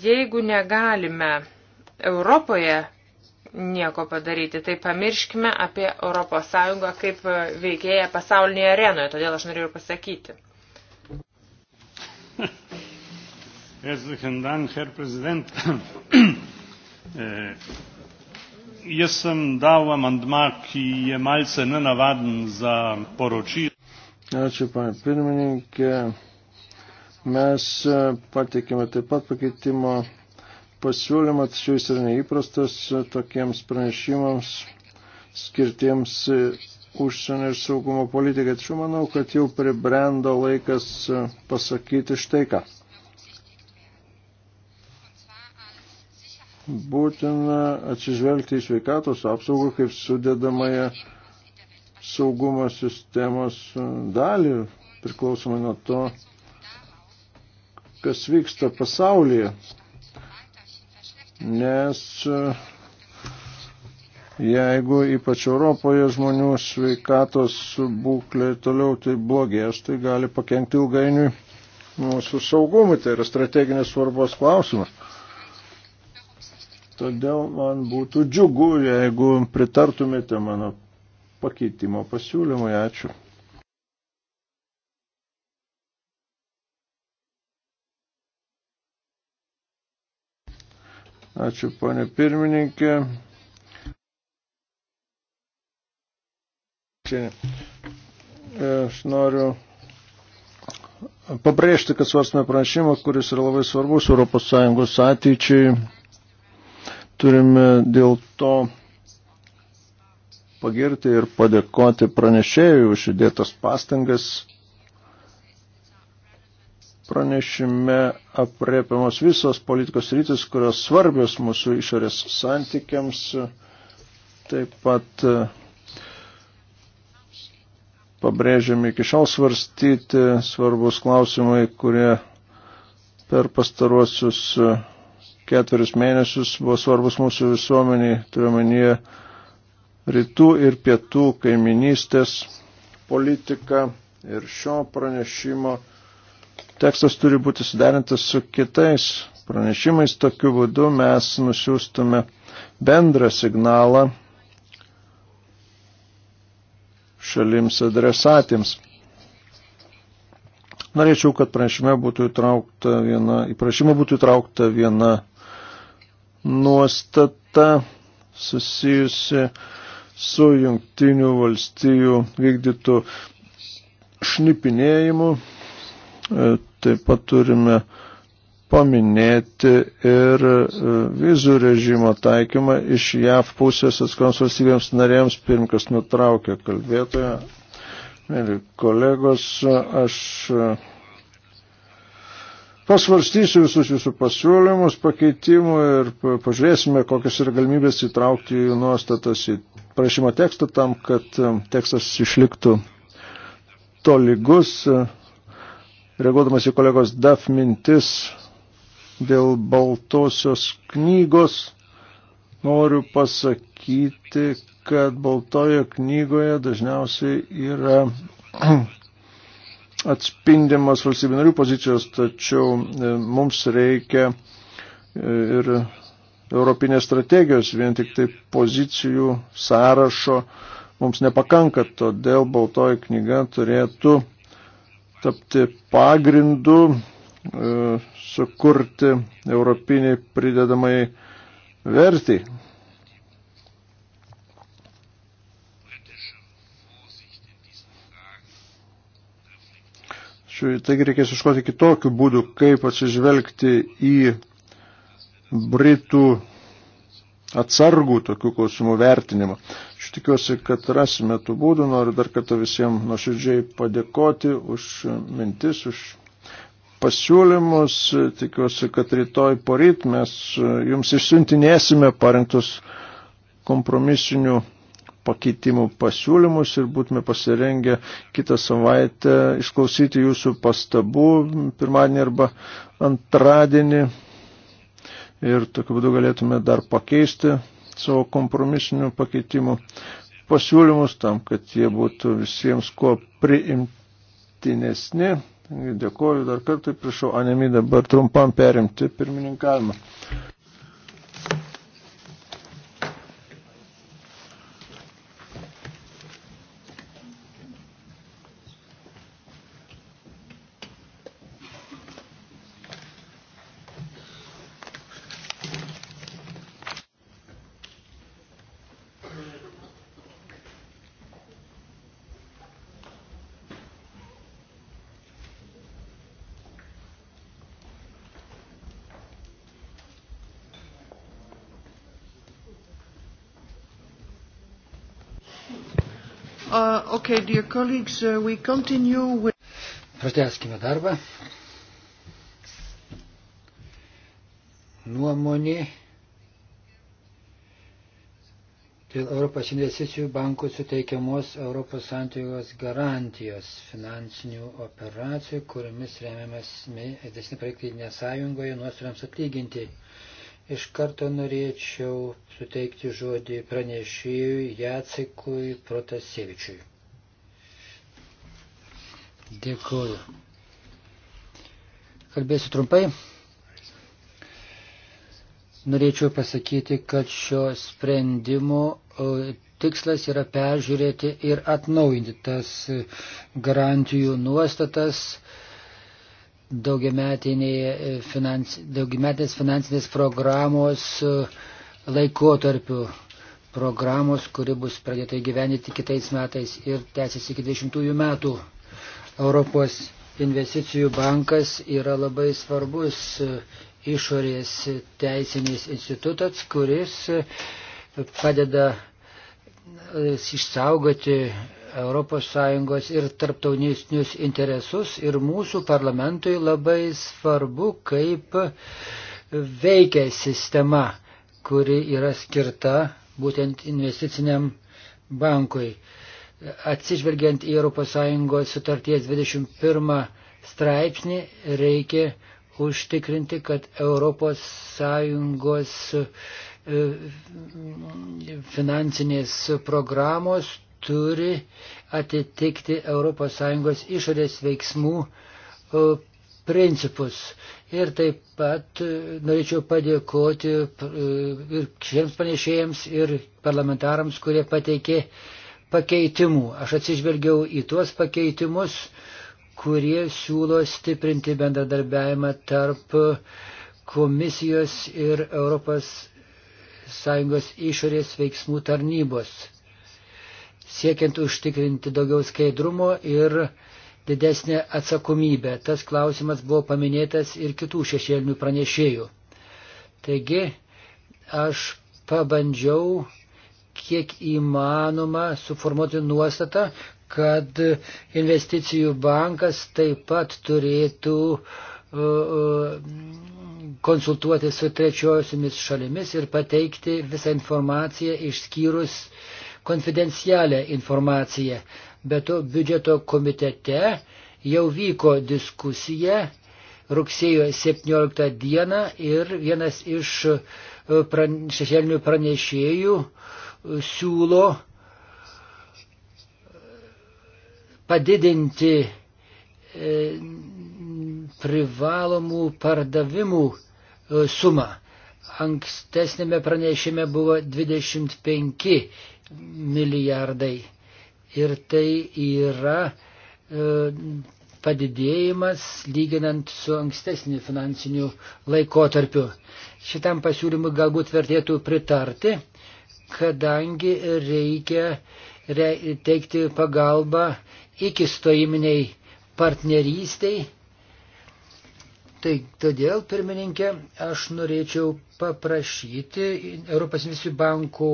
jeigu negalime Europoje nieko padaryti, tai pamirškime apie ES kaip e, veikėją pasaulinėje arenoje, todėl aš norėjau pasakyti. [laughs] Herzlichen Dank, Herr Präsident. [coughs] Eh, Jestem dał amandmak i jemalce nenavadn za poročį. Ačiū, panė pirmininkė. Mes eh, pateikėme taip pat pakeitimo pasiūlymą, tačiau jis yra neįprastas eh, tokiems pranešimams skirtiems užsienio ir saugumo politikai. Tačiau manau, kad jau pribrendo laikas pasakyti štai ką. būtina atsižvelgti į sveikatos apsaugą kaip sudėdamąją saugumo sistemos dalį, priklausomai nuo to, kas vyksta pasaulyje. Nes jeigu ypač Europoje žmonių sveikatos būklė toliau tai blogės, tai gali pakengti ilgainiui mūsų saugumui. Tai yra strateginės svarbos klausimas. Todėl man būtų džiugu, jeigu pritartumėte mano pakeitimo pasiūlymui. Ačiū. Ačiū, ponė pirmininkė. E, aš noriu pabrėžti, kad svarstame pranešimą, kuris yra labai svarbus ES ateičiai Turime dėl to pagirti ir padėkoti pranešėjui už įdėtas pastangas. Pranešime apriepiamos visos politikos rytis, kurios svarbios mūsų išorės santykiams. Taip pat e, pabrėžiami iki šiol svarstyti svarbus klausimai, kurie per pastaruosius e, ketverius mėnesius buvo svarbus mūsų visuomeniai, turiuomenyje rytų ir pietų kaiminystės politika ir šio pranešimo tekstas turi būti suderintas su kitais pranešimais. Tokiu būdu mes nusiųstume bendrą signalą šalims adresatėms. Norėčiau, kad pranešime būtų įtraukta viena, į prašymą būtų įtraukta viena nuostata susijusi su jungtinių valstijų vykdytų šnipinėjimu. E, taip pat turime paminėti ir e, vizų režimo taikymą iš JAV pusės atskoms valstybėms narėms. Pirmkas nutraukė kalbėtoją. Mėly kolegos, aš Pasvarstysiu visus jūsų pasiūlymus, pakeitimų ir pažiūrėsime, kokios yra galimybės įtraukti jų nuostatas į prašymo tekstą tam, kad e, tekstas išliktų tolygus. Reaguodamas į kolegos DAF mintis dėl baltosios knygos, noriu pasakyti, kad baltojo knygoje dažniausiai yra atspindimas valstybių narių pozicijos, tačiau e, mums reikia e, ir europinės strategijos, vien tik tai pozicijų sąrašo mums nepakanka, todėl baltoji knyga turėtų tapti pagrindu, e, sukurti europinį pridedamai vertį. mokesčių, taigi reikės iškoti kitokių būdų, kaip atsižvelgti į Britų atsargų tokių klausimų vertinimą. Aš tikiuosi, kad rasime tų būdų. Noriu dar kartą visiems nuoširdžiai padėkoti už mintis, už pasiūlymus. Tikiuosi, kad rytoj poryt mes jums išsiuntinėsime parengtus kompromisinių pakeitimų pasiūlymus ir būtume pasirengę kitą savaitę išklausyti jūsų pastabų pirmadienį arba antradienį. Ir tokiu būdu galėtume dar pakeisti savo kompromisinių pakeitimų pasiūlymus tam, kad jie būtų visiems kuo priimtinesni. Dėkuoju dar kartą, prašau Anemį dabar trumpam perimti pirmininkavimą. dear colleagues, uh, we continue with... Pratęskime darbą. Nuomonė dėl Europos investicijų bankų suteikiamos Europos santygos garantijos finansinių operacijų, kuriamis remiamas didesnė projektinė sąjungoje nuostoliams atlyginti. Iš karto norėčiau suteikti žodį pranešėjui Jacekui Protasevičiui. Dėkuoju. Kalbėsiu trumpai. Norėčiau pasakyti, kad šio sprendimo e, tikslas yra peržiūrėti ir atnaujinti tas garantijų nuostatas e, finans, daugiametės finansinės programos e, laikotarpiu programos, kuri bus pradėta įgyvendinti kitais metais ir tęsis iki 20 metų. Europos investicijų bankas yra labai svarbus išorės teisiniais institutas, kuris padeda e, išsaugoti ES ir tarptautinius interesus ir mūsų parlamentui labai svarbu, kaip veikia sistema, kuri yra skirta būtent investiciniam bankui atsižvelgiant į ES sutarties 21 straipsnį, reikia užtikrinti, kad ES e, finansinės programos turi atitikti ES išorės veiksmų e, principus. Ir taip pat e, norėčiau padėkoti ir šiems panešėjams, ir parlamentarams, kurie pateikė pakeitimų. Aš atsižvelgiau į tuos pakeitimus, kurie siūlo stiprinti bendradarbiavimą tarp komisijos ir ES išorės veiksmų tarnybos, siekiant užtikrinti daugiau skaidrumo ir didesnė atsakomybė. Tas klausimas buvo paminėtas ir kitų šešėlinių pranešėjų. Taigi, aš pabandžiau kiek įmanoma suformuoti nuostatą, kad investicijų bankas taip pat turėtų uh, uh, konsultuoti su trečiosiomis šalimis ir pateikti visą informaciją išskyrus konfidencialią informaciją. Bet to biudžeto komitete jau vyko diskusija rugsėjo 17 dieną ir vienas iš uh, pran, šešėlinių pranešėjų uh, siūlo padidinti e, privalomų pardavimų e, sumą. Ankstesnėme pranešime buvo 25 milijardai ir tai yra e, padidėjimas lyginant su ankstesniu finansiniu laikotarpiu. Šitam pasiūlymui galbūt vertėtų pritarti, kadangi reikia teikti pagalbą iki stojiminiai partnerystiai. Tai todėl, pirmininkė, aš norėčiau paprašyti Europos investicijų bankų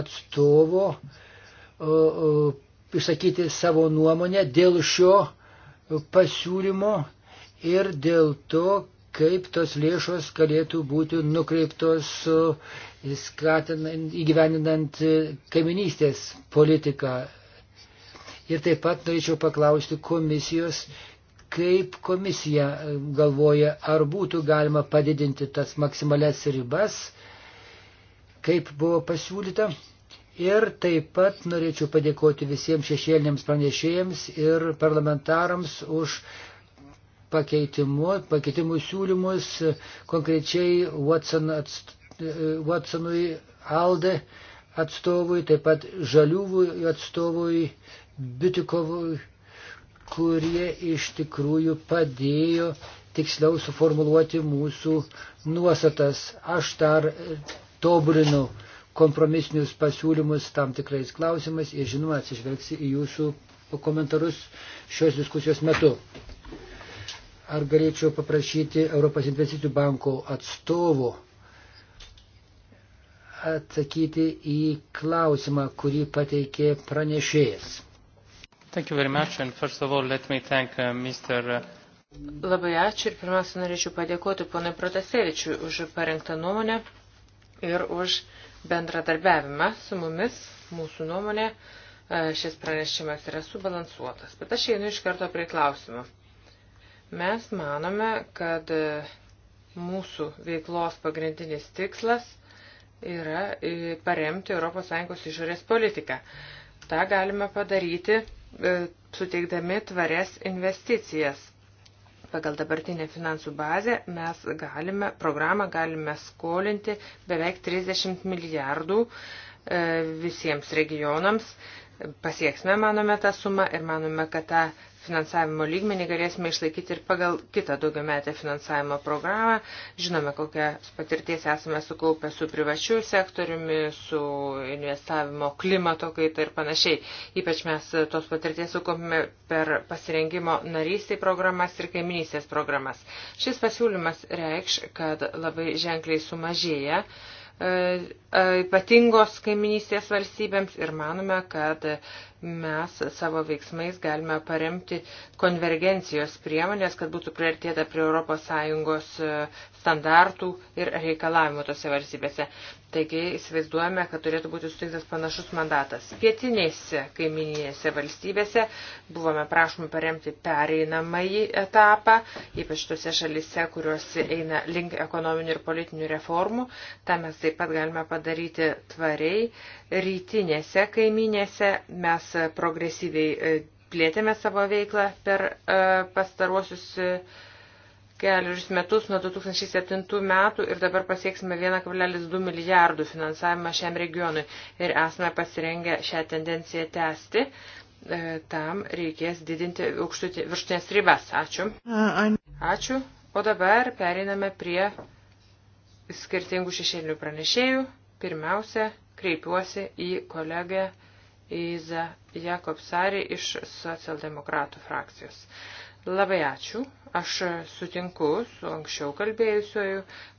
atstovo išsakyti savo nuomonę dėl šio pasiūlymo ir dėl to, kaip tos lėšos galėtų būti nukreiptos e, skatinant, įgyvendinant e, kaiminystės politiką. Ir taip pat norėčiau paklausti komisijos, kaip komisija e, galvoja, ar būtų galima padidinti tas maksimales ribas, kaip buvo pasiūlyta. Ir taip pat norėčiau padėkoti visiems šešėliniams pranešėjams ir parlamentarams už pakeitimu, pakeitimų siūlymus, konkrečiai Watson atst, Watsonui Alde atstovui, taip pat Žaliųvui atstovui Bitikovui, kurie iš tikrųjų padėjo tiksliau suformuluoti mūsų nuostatas. Aš dar tobulinu kompromisinius pasiūlymus tam tikrais klausimais ir žinoma atsižvelgsi į jūsų komentarus šios diskusijos metu. Ar galėčiau paprašyti Europos investicijų banko atstovų atsakyti į klausimą, kurį pateikė pranešėjas? All, thank, uh, Mr... Uh, Labai ačiū ir pirmiausia norėčiau padėkoti ponui Protasevičiui už parengtą nuomonę ir už bendradarbiavimą su mumis, mūsų nuomonė uh, šis pranešimas yra subalansuotas. Bet aš einu iš karto prie klausimų. Mes manome, kad e, mūsų veiklos pagrindinis tikslas yra e, paremti ES išorės politiką. Ta galime padaryti e, suteikdami tvarias investicijas. Pagal dabartinę finansų bazę mes galime, programą galime skolinti beveik 30 milijardų visiems regionams. Pasieksime, manome, tą sumą ir manome, kad tą finansavimo lygmenį galėsime išlaikyti ir pagal kitą daugiametę finansavimo programą. Žinome, kokią patirties esame sukaupę su privačiu sektoriumi, su investavimo klimato kaita ir panašiai. Ypač mes tos patirties sukaupėme per pasirengimo narystiai programas ir kaiminysės programas. Šis pasiūlymas reikš, kad labai ženkliai sumažėja e, ypatingos kaiminystės valstybėms ir manome, kad mes savo veiksmais galime paremti konvergencijos priemonės, kad būtų priartėta prie ES e, standartų ir reikalavimų tose valstybėse. Taigi įsivaizduojame, kad turėtų būti suteiktas panašus mandatas. Pietinėse kaimininėse valstybėse buvome prašomi paremti pereinamąjį etapą, ypač tose šalise, kurios eina link ekonominių ir politinių reformų. Ta mes taip pat galime padaryti tvariai. Rytinėse kaiminėse mes E, progresyviai e, plėtėme savo veiklą per e, pastaruosius kelius metus nuo 2007 metų ir dabar pasieksime 1,2 milijardų finansavimą šiam regionui ir esame pasirengę šią tendenciją tęsti. Tam reikės didinti viršutinės ribas. Ačiū. Ačiū. O dabar pereiname prie skirtingų šešėlinių pranešėjų. Pirmiausia, kreipiuosi į kolegę Iza Jakobsari iš socialdemokratų frakcijos. Labai ačiū. Aš sutinku su anksčiau kalbėjusioju,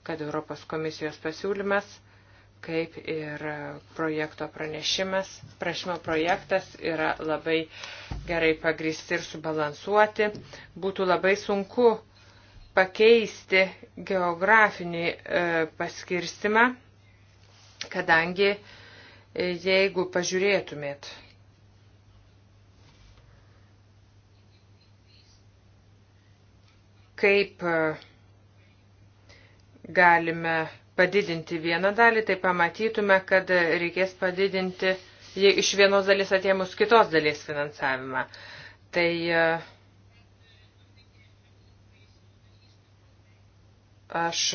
kad Europos komisijos pasiūlymas, kaip ir projekto pranešimas, prašymo projektas yra labai gerai pagristi ir subalansuoti. Būtų labai sunku pakeisti geografinį e, paskirstimą, kadangi e, jeigu pažiūrėtumėt. Kaip e, galime padidinti vieną dalį, tai pamatytume, kad reikės padidinti iš vienos dalies atėmus kitos dalies finansavimą. Tai uh, Aš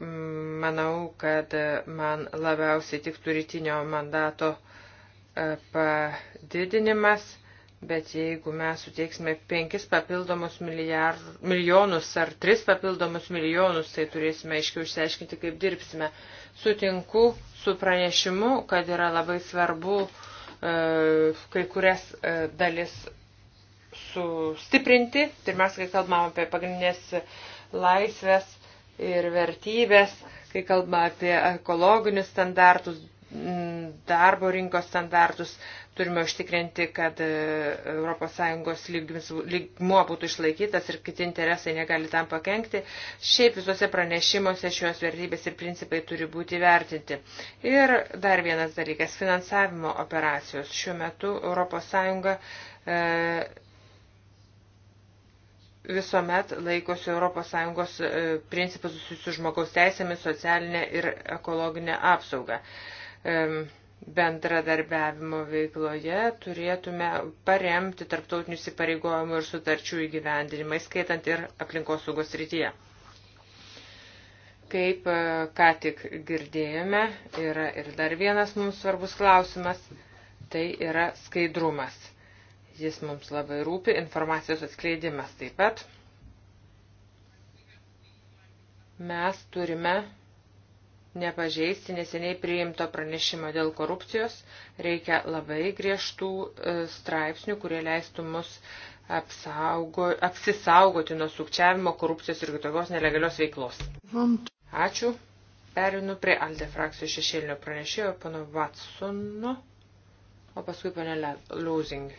mm, manau, kad man labiausiai tik turitinio mandato e, padidinimas, bet jeigu mes suteiksime 5 papildomus milijar, milijonus ar 3 papildomus milijonus, tai turėsime aiškiai išsiaiškinti, kaip dirbsime. Sutinku su pranešimu, kad yra labai svarbu e, kai kurias e, dalis sustiprinti. Pirmiausia, kai kalbam apie pagrindinės laisvės ir vertybės, kai kalbame apie ekologinius standartus, darbo rinkos standartus, turime užtikrinti, kad ES lygmuo būtų išlaikytas ir kiti interesai negali tam pakengti. Šiaip visuose pranešimuose šios vertybės ir principai turi būti vertinti. Ir dar vienas dalykas - finansavimo operacijos. Šiuo metu ES visuomet laikosi ES e, principus susijusių žmogaus teisėmis, socialinė ir ekologinė apsauga. E, bendradarbiavimo veikloje turėtume paremti tarptautinių įsipareigojimų ir sutarčių įgyvendinimą, skaitant ir aplinkosaugos rytyje. Kaip e, ką tik girdėjome, yra ir dar vienas mums svarbus klausimas, tai yra skaidrumas jis mums labai rūpi, informacijos atskleidimas taip pat. Mes turime nepažeisti neseniai priimto pranešimo dėl korupcijos, reikia labai griežtų e, straipsnių, kurie leistų mus apsaugo, apsisaugoti nuo sukčiavimo, korupcijos ir kitokios nelegalios veiklos. Ačiū. Perinu prie Alde frakcijos šešėlinio pranešėjo, pano Vatsono o paskui ponė Lūzing.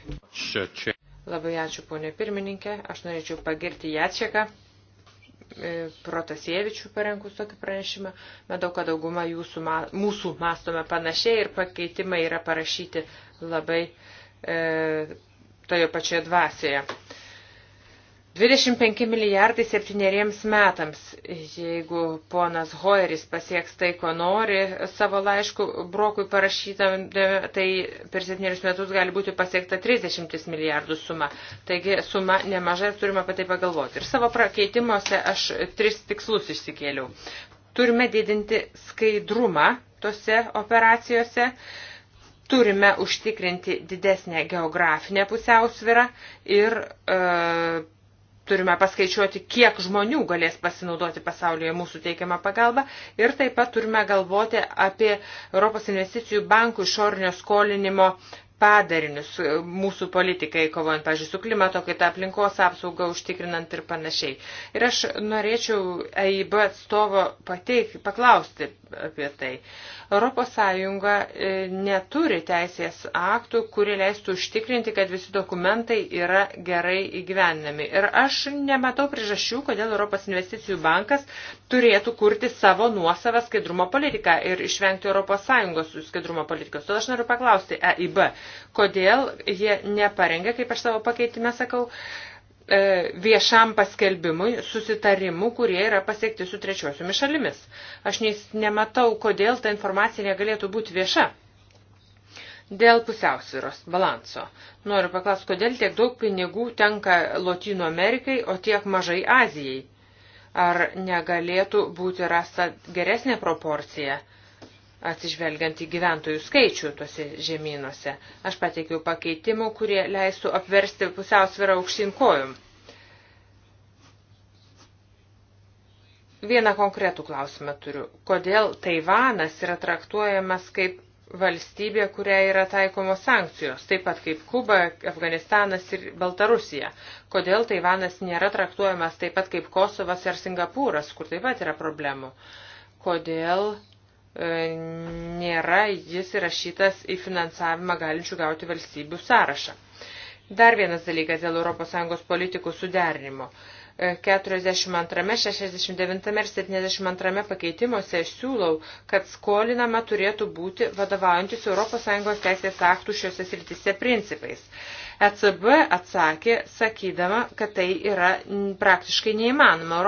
Labai ačiū, ponė pirmininkė. Aš norėčiau pagirti Jačeką. E, Protasievičių parengus tokį pranešimą. Matau, kad dauguma jūsų, mūsų mastome panašiai ir pakeitimai yra parašyti labai e, toje pačioje dvasioje. 25 milijardai septyneriems metams. Jeigu ponas Hoeris pasieks tai, ko nori savo laišku brokui parašytam, tai per septynerius metus gali būti pasiekta 30 milijardų suma. Taigi suma nemažai ir turime apie tai pagalvoti. Ir savo prakeitimuose aš tris tikslus išsikėliau. Turime didinti skaidrumą tose operacijose turime užtikrinti didesnę geografinę pusiausvyrą ir e, turime paskaičiuoti, kiek žmonių galės pasinaudoti pasaulyje mūsų teikiamą pagalbą ir taip pat turime galvoti apie Europos investicijų bankų išorinio skolinimo padarinius e, mūsų politikai, kovojant, pažiūrėjau, su klimato kaita, aplinkos apsauga užtikrinant ir panašiai. Ir aš norėčiau EIB atstovo pateik, paklausti apie tai. ES e, neturi teisės aktų, kurie leistų užtikrinti, kad visi dokumentai yra gerai įgyvendinami. Ir aš nematau priežasčių, kodėl ES investicijų bankas turėtų kurti savo nuosavą skaidrumo politiką ir išvengti ES skaidrumo politikos. Todėl aš noriu paklausti EIB, kodėl jie neparengė, kaip aš savo pakeitime sakau, e, viešam paskelbimui susitarimų, kurie yra pasiekti su trečiosiomis šalimis. Aš nematau, kodėl ta informacija negalėtų būti vieša. Dėl pusiausviros balanso. Noriu paklausti, kodėl tiek daug pinigų tenka Lotino Amerikai, o tiek mažai Azijai. Ar negalėtų būti rasta geresnė proporcija? atsižvelgiant į gyventojų skaičių tuose žemynuose. Aš pateikiau pakeitimų, kurie leistų apversti pusiausvyrą aukštyn kojom. Vieną konkretų klausimą turiu. Kodėl Taivanas yra traktuojamas kaip valstybė, kuria yra taikomos sankcijos, taip pat kaip Kuba, Afganistanas ir Baltarusija? Kodėl Taivanas nėra traktuojamas taip pat kaip Kosovas ar Singapūras, kur taip pat yra problemų? Kodėl E, nėra jis įrašytas į finansavimą galinčių gauti valstybių sąrašą. Dar vienas dalykas dėl ES politikų suderinimo. 42, e, 69 ir 72 pakeitimuose siūlau, kad skolinama turėtų būti vadovaujantis ES teisės aktų šiuose srityse principais. ECB atsakė, sakydama, kad tai yra praktiškai neįmanoma.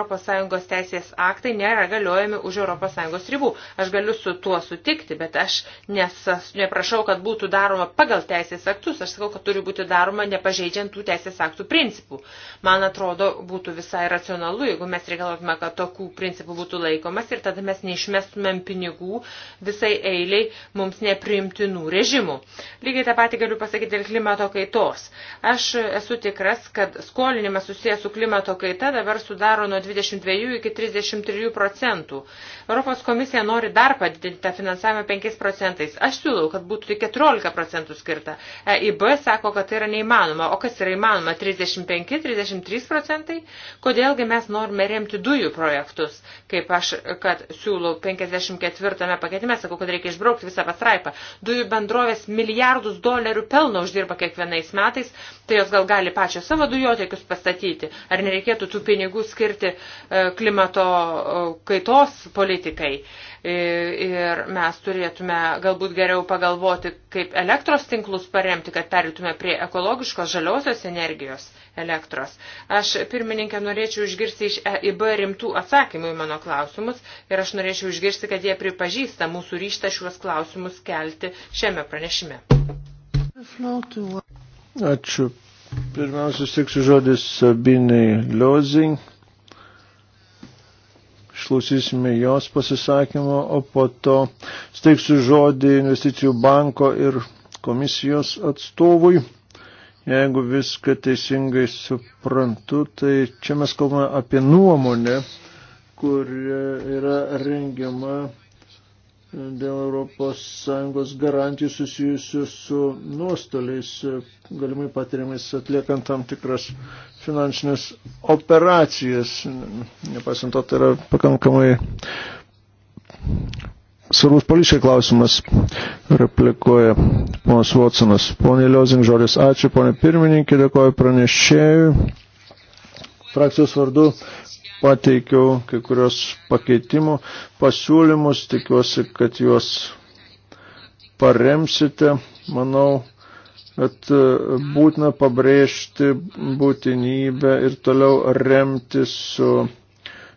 ES teisės aktai nėra galiojami už ES ribų. Aš galiu su tuo sutikti, bet aš nesas, neprašau, kad būtų daroma pagal teisės aktus. Aš sakau, kad turi būti daroma nepažeidžiant tų teisės aktų principų. Man atrodo, būtų visai racionalu, jeigu mes reikalautume, kad tokių principų būtų laikomas ir tada mes neišmestumėm pinigų visai eiliai mums nepriimtinų režimų. Lygiai tą patį galiu pasakyti ir klimato kaito kaitos. Aš esu tikras, kad skolinimas susijęs su klimato kaita dabar sudaro nuo 22 iki 33 procentų. Europos komisija nori dar padidinti tą finansavimą 5 procentais. Aš siūlau, kad būtų tik 14 procentų skirta. EIB sako, kad tai yra neįmanoma. O kas yra įmanoma? 35-33 procentai? Kodėlgi mes norime remti dujų projektus, kaip aš, kad siūlau 54 paketime, sakau, kad reikia išbraukti visą pastraipą. Dujų bendrovės milijardus dolerių pelno uždirba kiekvienais metais metais, tai jos gal gali pačią savo dujotiekius pastatyti. Ar nereikėtų tų pinigų skirti e, klimato e, kaitos politikai? E, ir mes turėtume galbūt geriau pagalvoti, kaip elektros tinklus paremti, kad perėtume prie ekologiškos žaliosios energijos elektros. Aš pirmininkę norėčiau išgirsti iš EIB rimtų atsakymų į mano klausimus ir aš norėčiau išgirsti, kad jie pripažįsta mūsų ryštą šiuos klausimus kelti šiame pranešime. Ačiū. Pirmiausia, sėksiu žodis Sabinai Liozing. Išklausysime jos pasisakymą, o po to steiksiu žodį investicijų banko ir komisijos atstovui. Jeigu viską teisingai suprantu, tai čia mes kalbame apie nuomonę, kur yra rengiama dėl ES garantijų susijusių su nuostoliais, galimai patiriamais atliekant tam tikras finansinės operacijas. Nepasint to, tai yra pakankamai svarbus poličiai klausimas, replikuoja ponas Watsonas. Pone Liozing, žodis ačiū, pone pirmininkė, dėkoju pranešėjui. Frakcijos vardu pateikiau kai kurios pakeitimų pasiūlymus, tikiuosi, kad juos paremsite. Manau, kad e, būtina pabrėžti būtinybę ir toliau remti su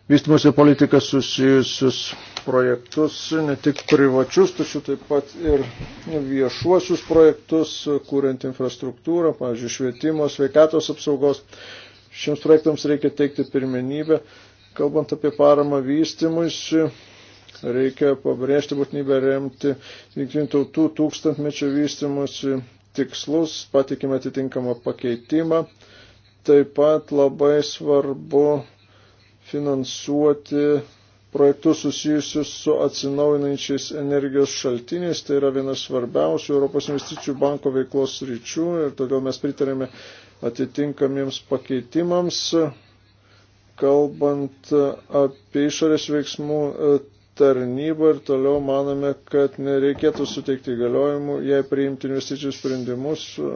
vystimuose politika susijusius projektus, ne tik privačius, tačiau taip pat ir viešuosius projektus, kuriant infrastruktūrą, pavyzdžiui, švietimo, sveikatos apsaugos Šiems projektams reikia teikti pirmenybę. Kalbant apie paramą vystimuisi, reikia pabrėžti būtinybę remti jungtinių tautų tūkstantmečio vystimuisi tikslus, patikime atitinkamą pakeitimą. Taip pat labai svarbu finansuoti projektus susijusius su atsinaujinančiais energijos šaltiniais. Tai yra vienas svarbiausių Europos investicijų banko veiklos ryčių ir todėl mes pritarėme atitinkamiems pakeitimams, kalbant apie išorės veiksmų e, tarnybą ir toliau manome, kad nereikėtų suteikti įgaliojimų, jei priimti investicijų sprendimus e,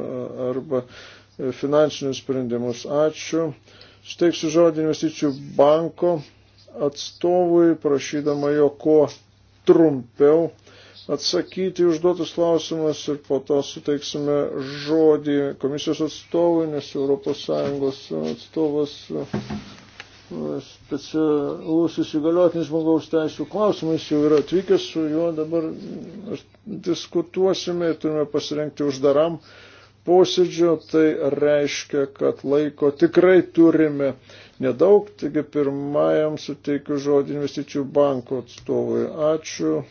arba e, finansinius sprendimus. Ačiū. Steiksiu žodį investicijų banko atstovui, prašydama jo kuo trumpiau atsakyti užduotus klausimus ir po to suteiksime žodį komisijos atstovui, nes ES atstovas e, specialus įsigaliotinis žmogaus teisų klausimais jau yra atvykęs su juo, dabar diskutuosime ir turime pasirengti uždaram posėdžio, tai reiškia, kad laiko tikrai turime nedaug, taigi pirmajam suteikiu žodį investicijų banko atstovui. Ačiū.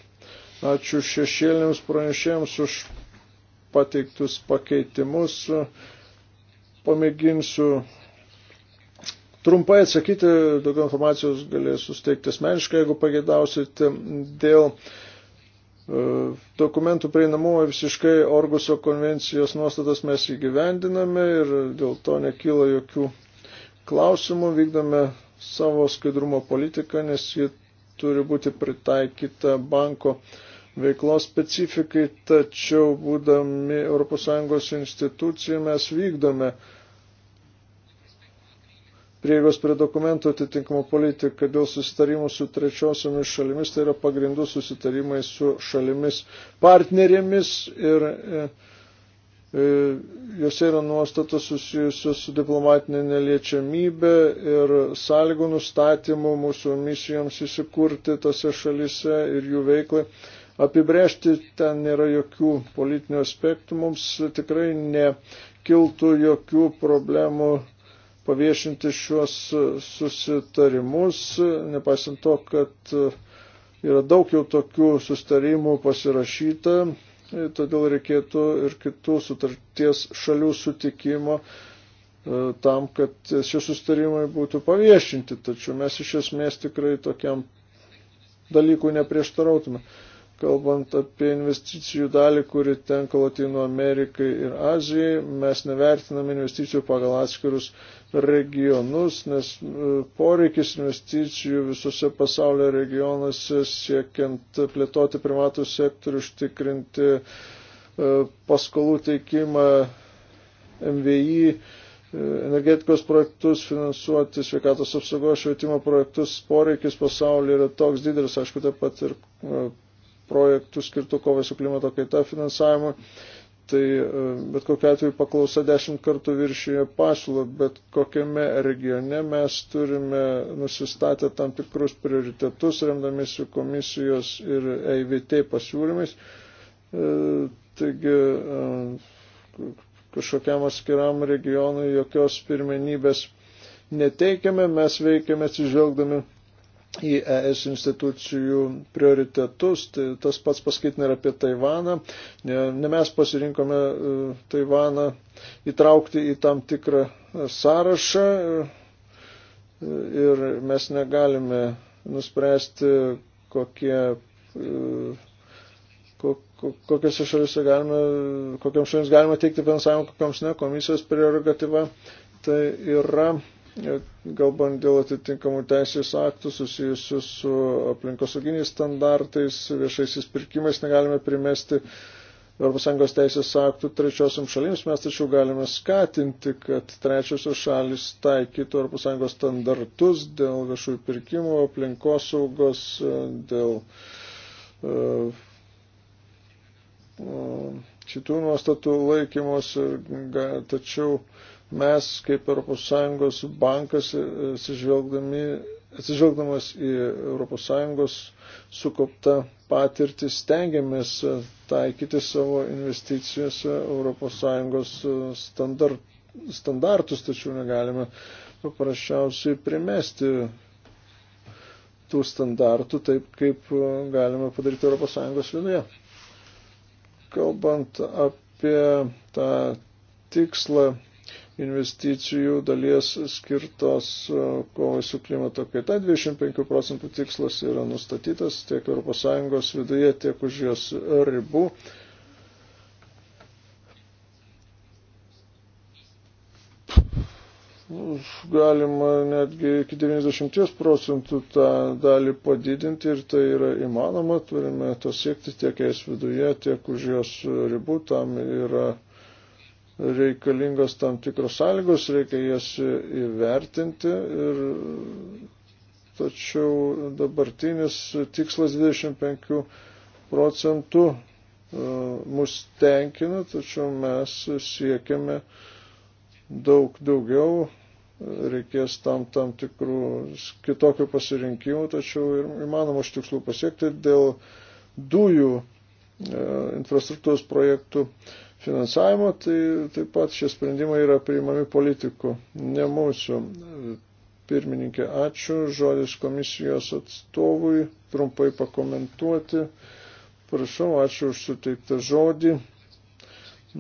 Ačiū šešėlėms pranešėjams už pateiktus pakeitimus. Pamėginsiu trumpai atsakyti, daugiau informacijos galėsiu susteikti asmeniškai, jeigu pageidausite dėl e, dokumentų prieinamumo visiškai Orguso konvencijos nuostatas mes įgyvendiname ir dėl to nekyla jokių klausimų, vykdome savo skaidrumo politiką, nes ji turi būti pritaikyta banko uh, veiklos specifikai, tačiau būdami ES institucijų mes vykdome prieigos prie dokumentų atitinkamo politiką dėl susitarimų su trečiosiomis šalimis, tai yra pagrindų susitarimai su šalimis partnerėmis ir e, e, jose yra nuostatos susijusios su diplomatinė neliečiamybė ir sąlygų nustatymu mūsų misijoms įsikurti tose šalise ir jų veiklai apibrėžti, ten nėra jokių politinių aspektų, mums tikrai nekiltų jokių problemų paviešinti šiuos susitarimus, nepaisant to, kad yra daug jau tokių susitarimų pasirašyta, todėl reikėtų ir kitų sutarties šalių sutikimo e, tam, kad šie sustarimai būtų paviešinti, tačiau mes iš esmės tikrai tokiam dalykui neprieštarautume kalbant apie investicijų dalį, kuri tenka Latino Amerikai ir Azijai, mes nevertinam investicijų pagal atskirus regionus, nes e, poreikis investicijų visose pasaulio regionuose siekiant plėtoti privatų sektorių, užtikrinti e, paskolų teikimą MVI, e, energetikos projektus, finansuoti sveikatos apsaugos švietimo projektus, poreikis pasaulyje yra toks didelis, aišku, taip pat ir projektų skirtų kovai su klimato kaita finansavimu. Tai e, bet kokiu atveju paklausa dešimt kartų viršyje pasiūlą, bet kokiame regione mes turime nusistatę tam tikrus prioritetus, remdamiesi komisijos ir EIVT pasiūlymais. E, taigi e, kažkokiam atskiram regionui jokios pirmenybės neteikiame, mes veikiame atsižvelgdami į ES institucijų prioritetus. Tai tas pats paskaitina ir apie Taivaną. Ne, ne mes pasirinkome e, Taivaną įtraukti į tam tikrą e, sąrašą e, ir mes negalime nuspręsti, kokie kokiose šalise galima, kokiam šalims galima teikti finansavimą, kokiams ne, komisijos prerogatyva. Tai yra galbant dėl atitinkamų teisės aktų susijusių su aplinkosauginiais standartais, viešaisiais pirkimais negalime primesti ES teisės aktų trečiosiam šalims, mes tačiau galime skatinti, kad trečiosios šalis taikytų ES standartus dėl viešųjų pirkimų, aplinkosaugos, dėl uh, uh, kitų nuostatų laikymos, tačiau uh, mes kaip ES bankas e, atsižvelgdamas į ES sukauptą patirtį stengiamės e, taikyti savo investicijose ES e, standart, standartus, tačiau negalime paprasčiausiai primesti tų standartų taip, kaip galima padaryti ES viduje. Kalbant apie tą tikslą investicijų dalies skirtos e, kovai su klimato kaita. 25 procentų tikslas yra nustatytas tiek ES viduje, tiek už jos ribų. Galima netgi iki 90 procentų tą dalį padidinti ir tai yra įmanoma, turime to siekti tiek es viduje, tiek už jos ribų, tam yra uh, reikalingos tam tikros sąlygos, reikia jas įvertinti ir tačiau dabartinis tikslas 25 procentų e, mus tenkina, tačiau mes siekiame daug daugiau, reikės tam tam tikrų kitokių pasirinkimų, tačiau ir įmanoma šių tikslų pasiekti dėl dujų e, infrastruktūros projektų finansavimo, tai taip pat šie sprendimai yra priimami politikų, ne mūsų. Pirmininkė, ačiū. Žodis komisijos atstovui trumpai pakomentuoti. Prašau, ačiū už suteiktą žodį.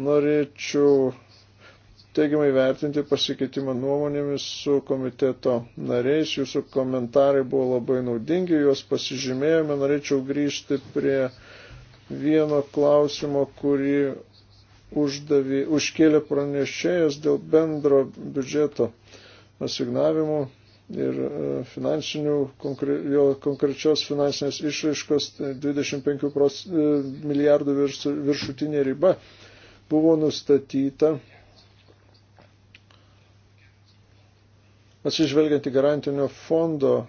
Norėčiau teigiamai vertinti pasikeitimą nuomonėmis su komiteto nariais. Jūsų komentarai buvo labai naudingi, juos pasižymėjome. Norėčiau grįžti prie vieno klausimo, kurį uždavė, užkėlė pranešėjas dėl bendro biudžeto asignavimų ir e, finansinių, konkre, jo konkrečios finansinės išraiškos 25 tai proc, e, milijardų virš, viršutinė riba buvo nustatyta atsižvelgiant į garantinio fondo e,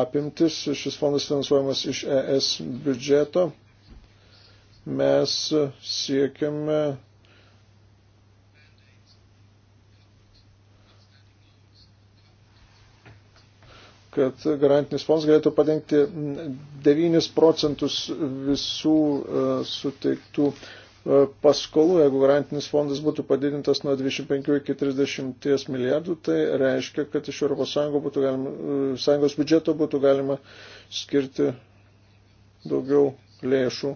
apimtis. Šis fondas finansuojamas iš ES biudžeto mes siekiame kad garantinis fondas galėtų padengti 9 procentus visų e, suteiktų e, paskolų, jeigu garantinis fondas būtų padidintas nuo 25 iki 30 milijardų, tai reiškia, kad iš ES būtų galima, e, sąjungos biudžeto būtų galima skirti daugiau lėšų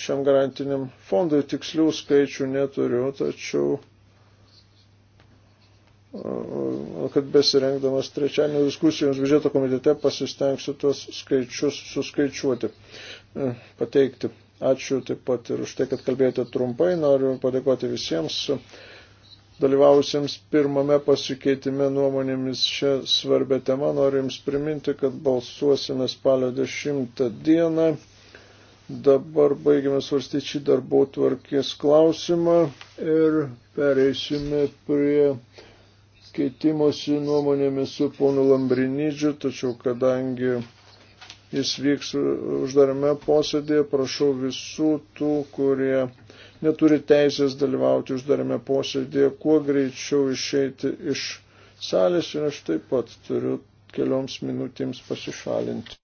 šiam garantiniam fondui tikslių skaičių neturiu, tačiau kad besirengdamas trečiadienio diskusijoms biudžeto komitete pasistengsiu tuos skaičius suskaičiuoti, e, pateikti. Ačiū taip pat ir už tai, kad kalbėjote trumpai. Noriu padėkoti visiems dalyvausiems pirmame pasikeitime nuomonėmis šią svarbę temą. Noriu Jums priminti, kad balsuosime spalio 10 dieną. Dabar baigiame svarstyti šį darbo tvarkės klausimą ir pereisime prie keitimosi nuomonėmis su ponu Lambrinidžiu, tačiau kadangi jis vyks uždarame posėdėje, prašau visų tų, kurie neturi teisės dalyvauti uždarame posėdėje, kuo greičiau išeiti iš salės ir aš taip pat turiu kelioms minutėms pasišalinti.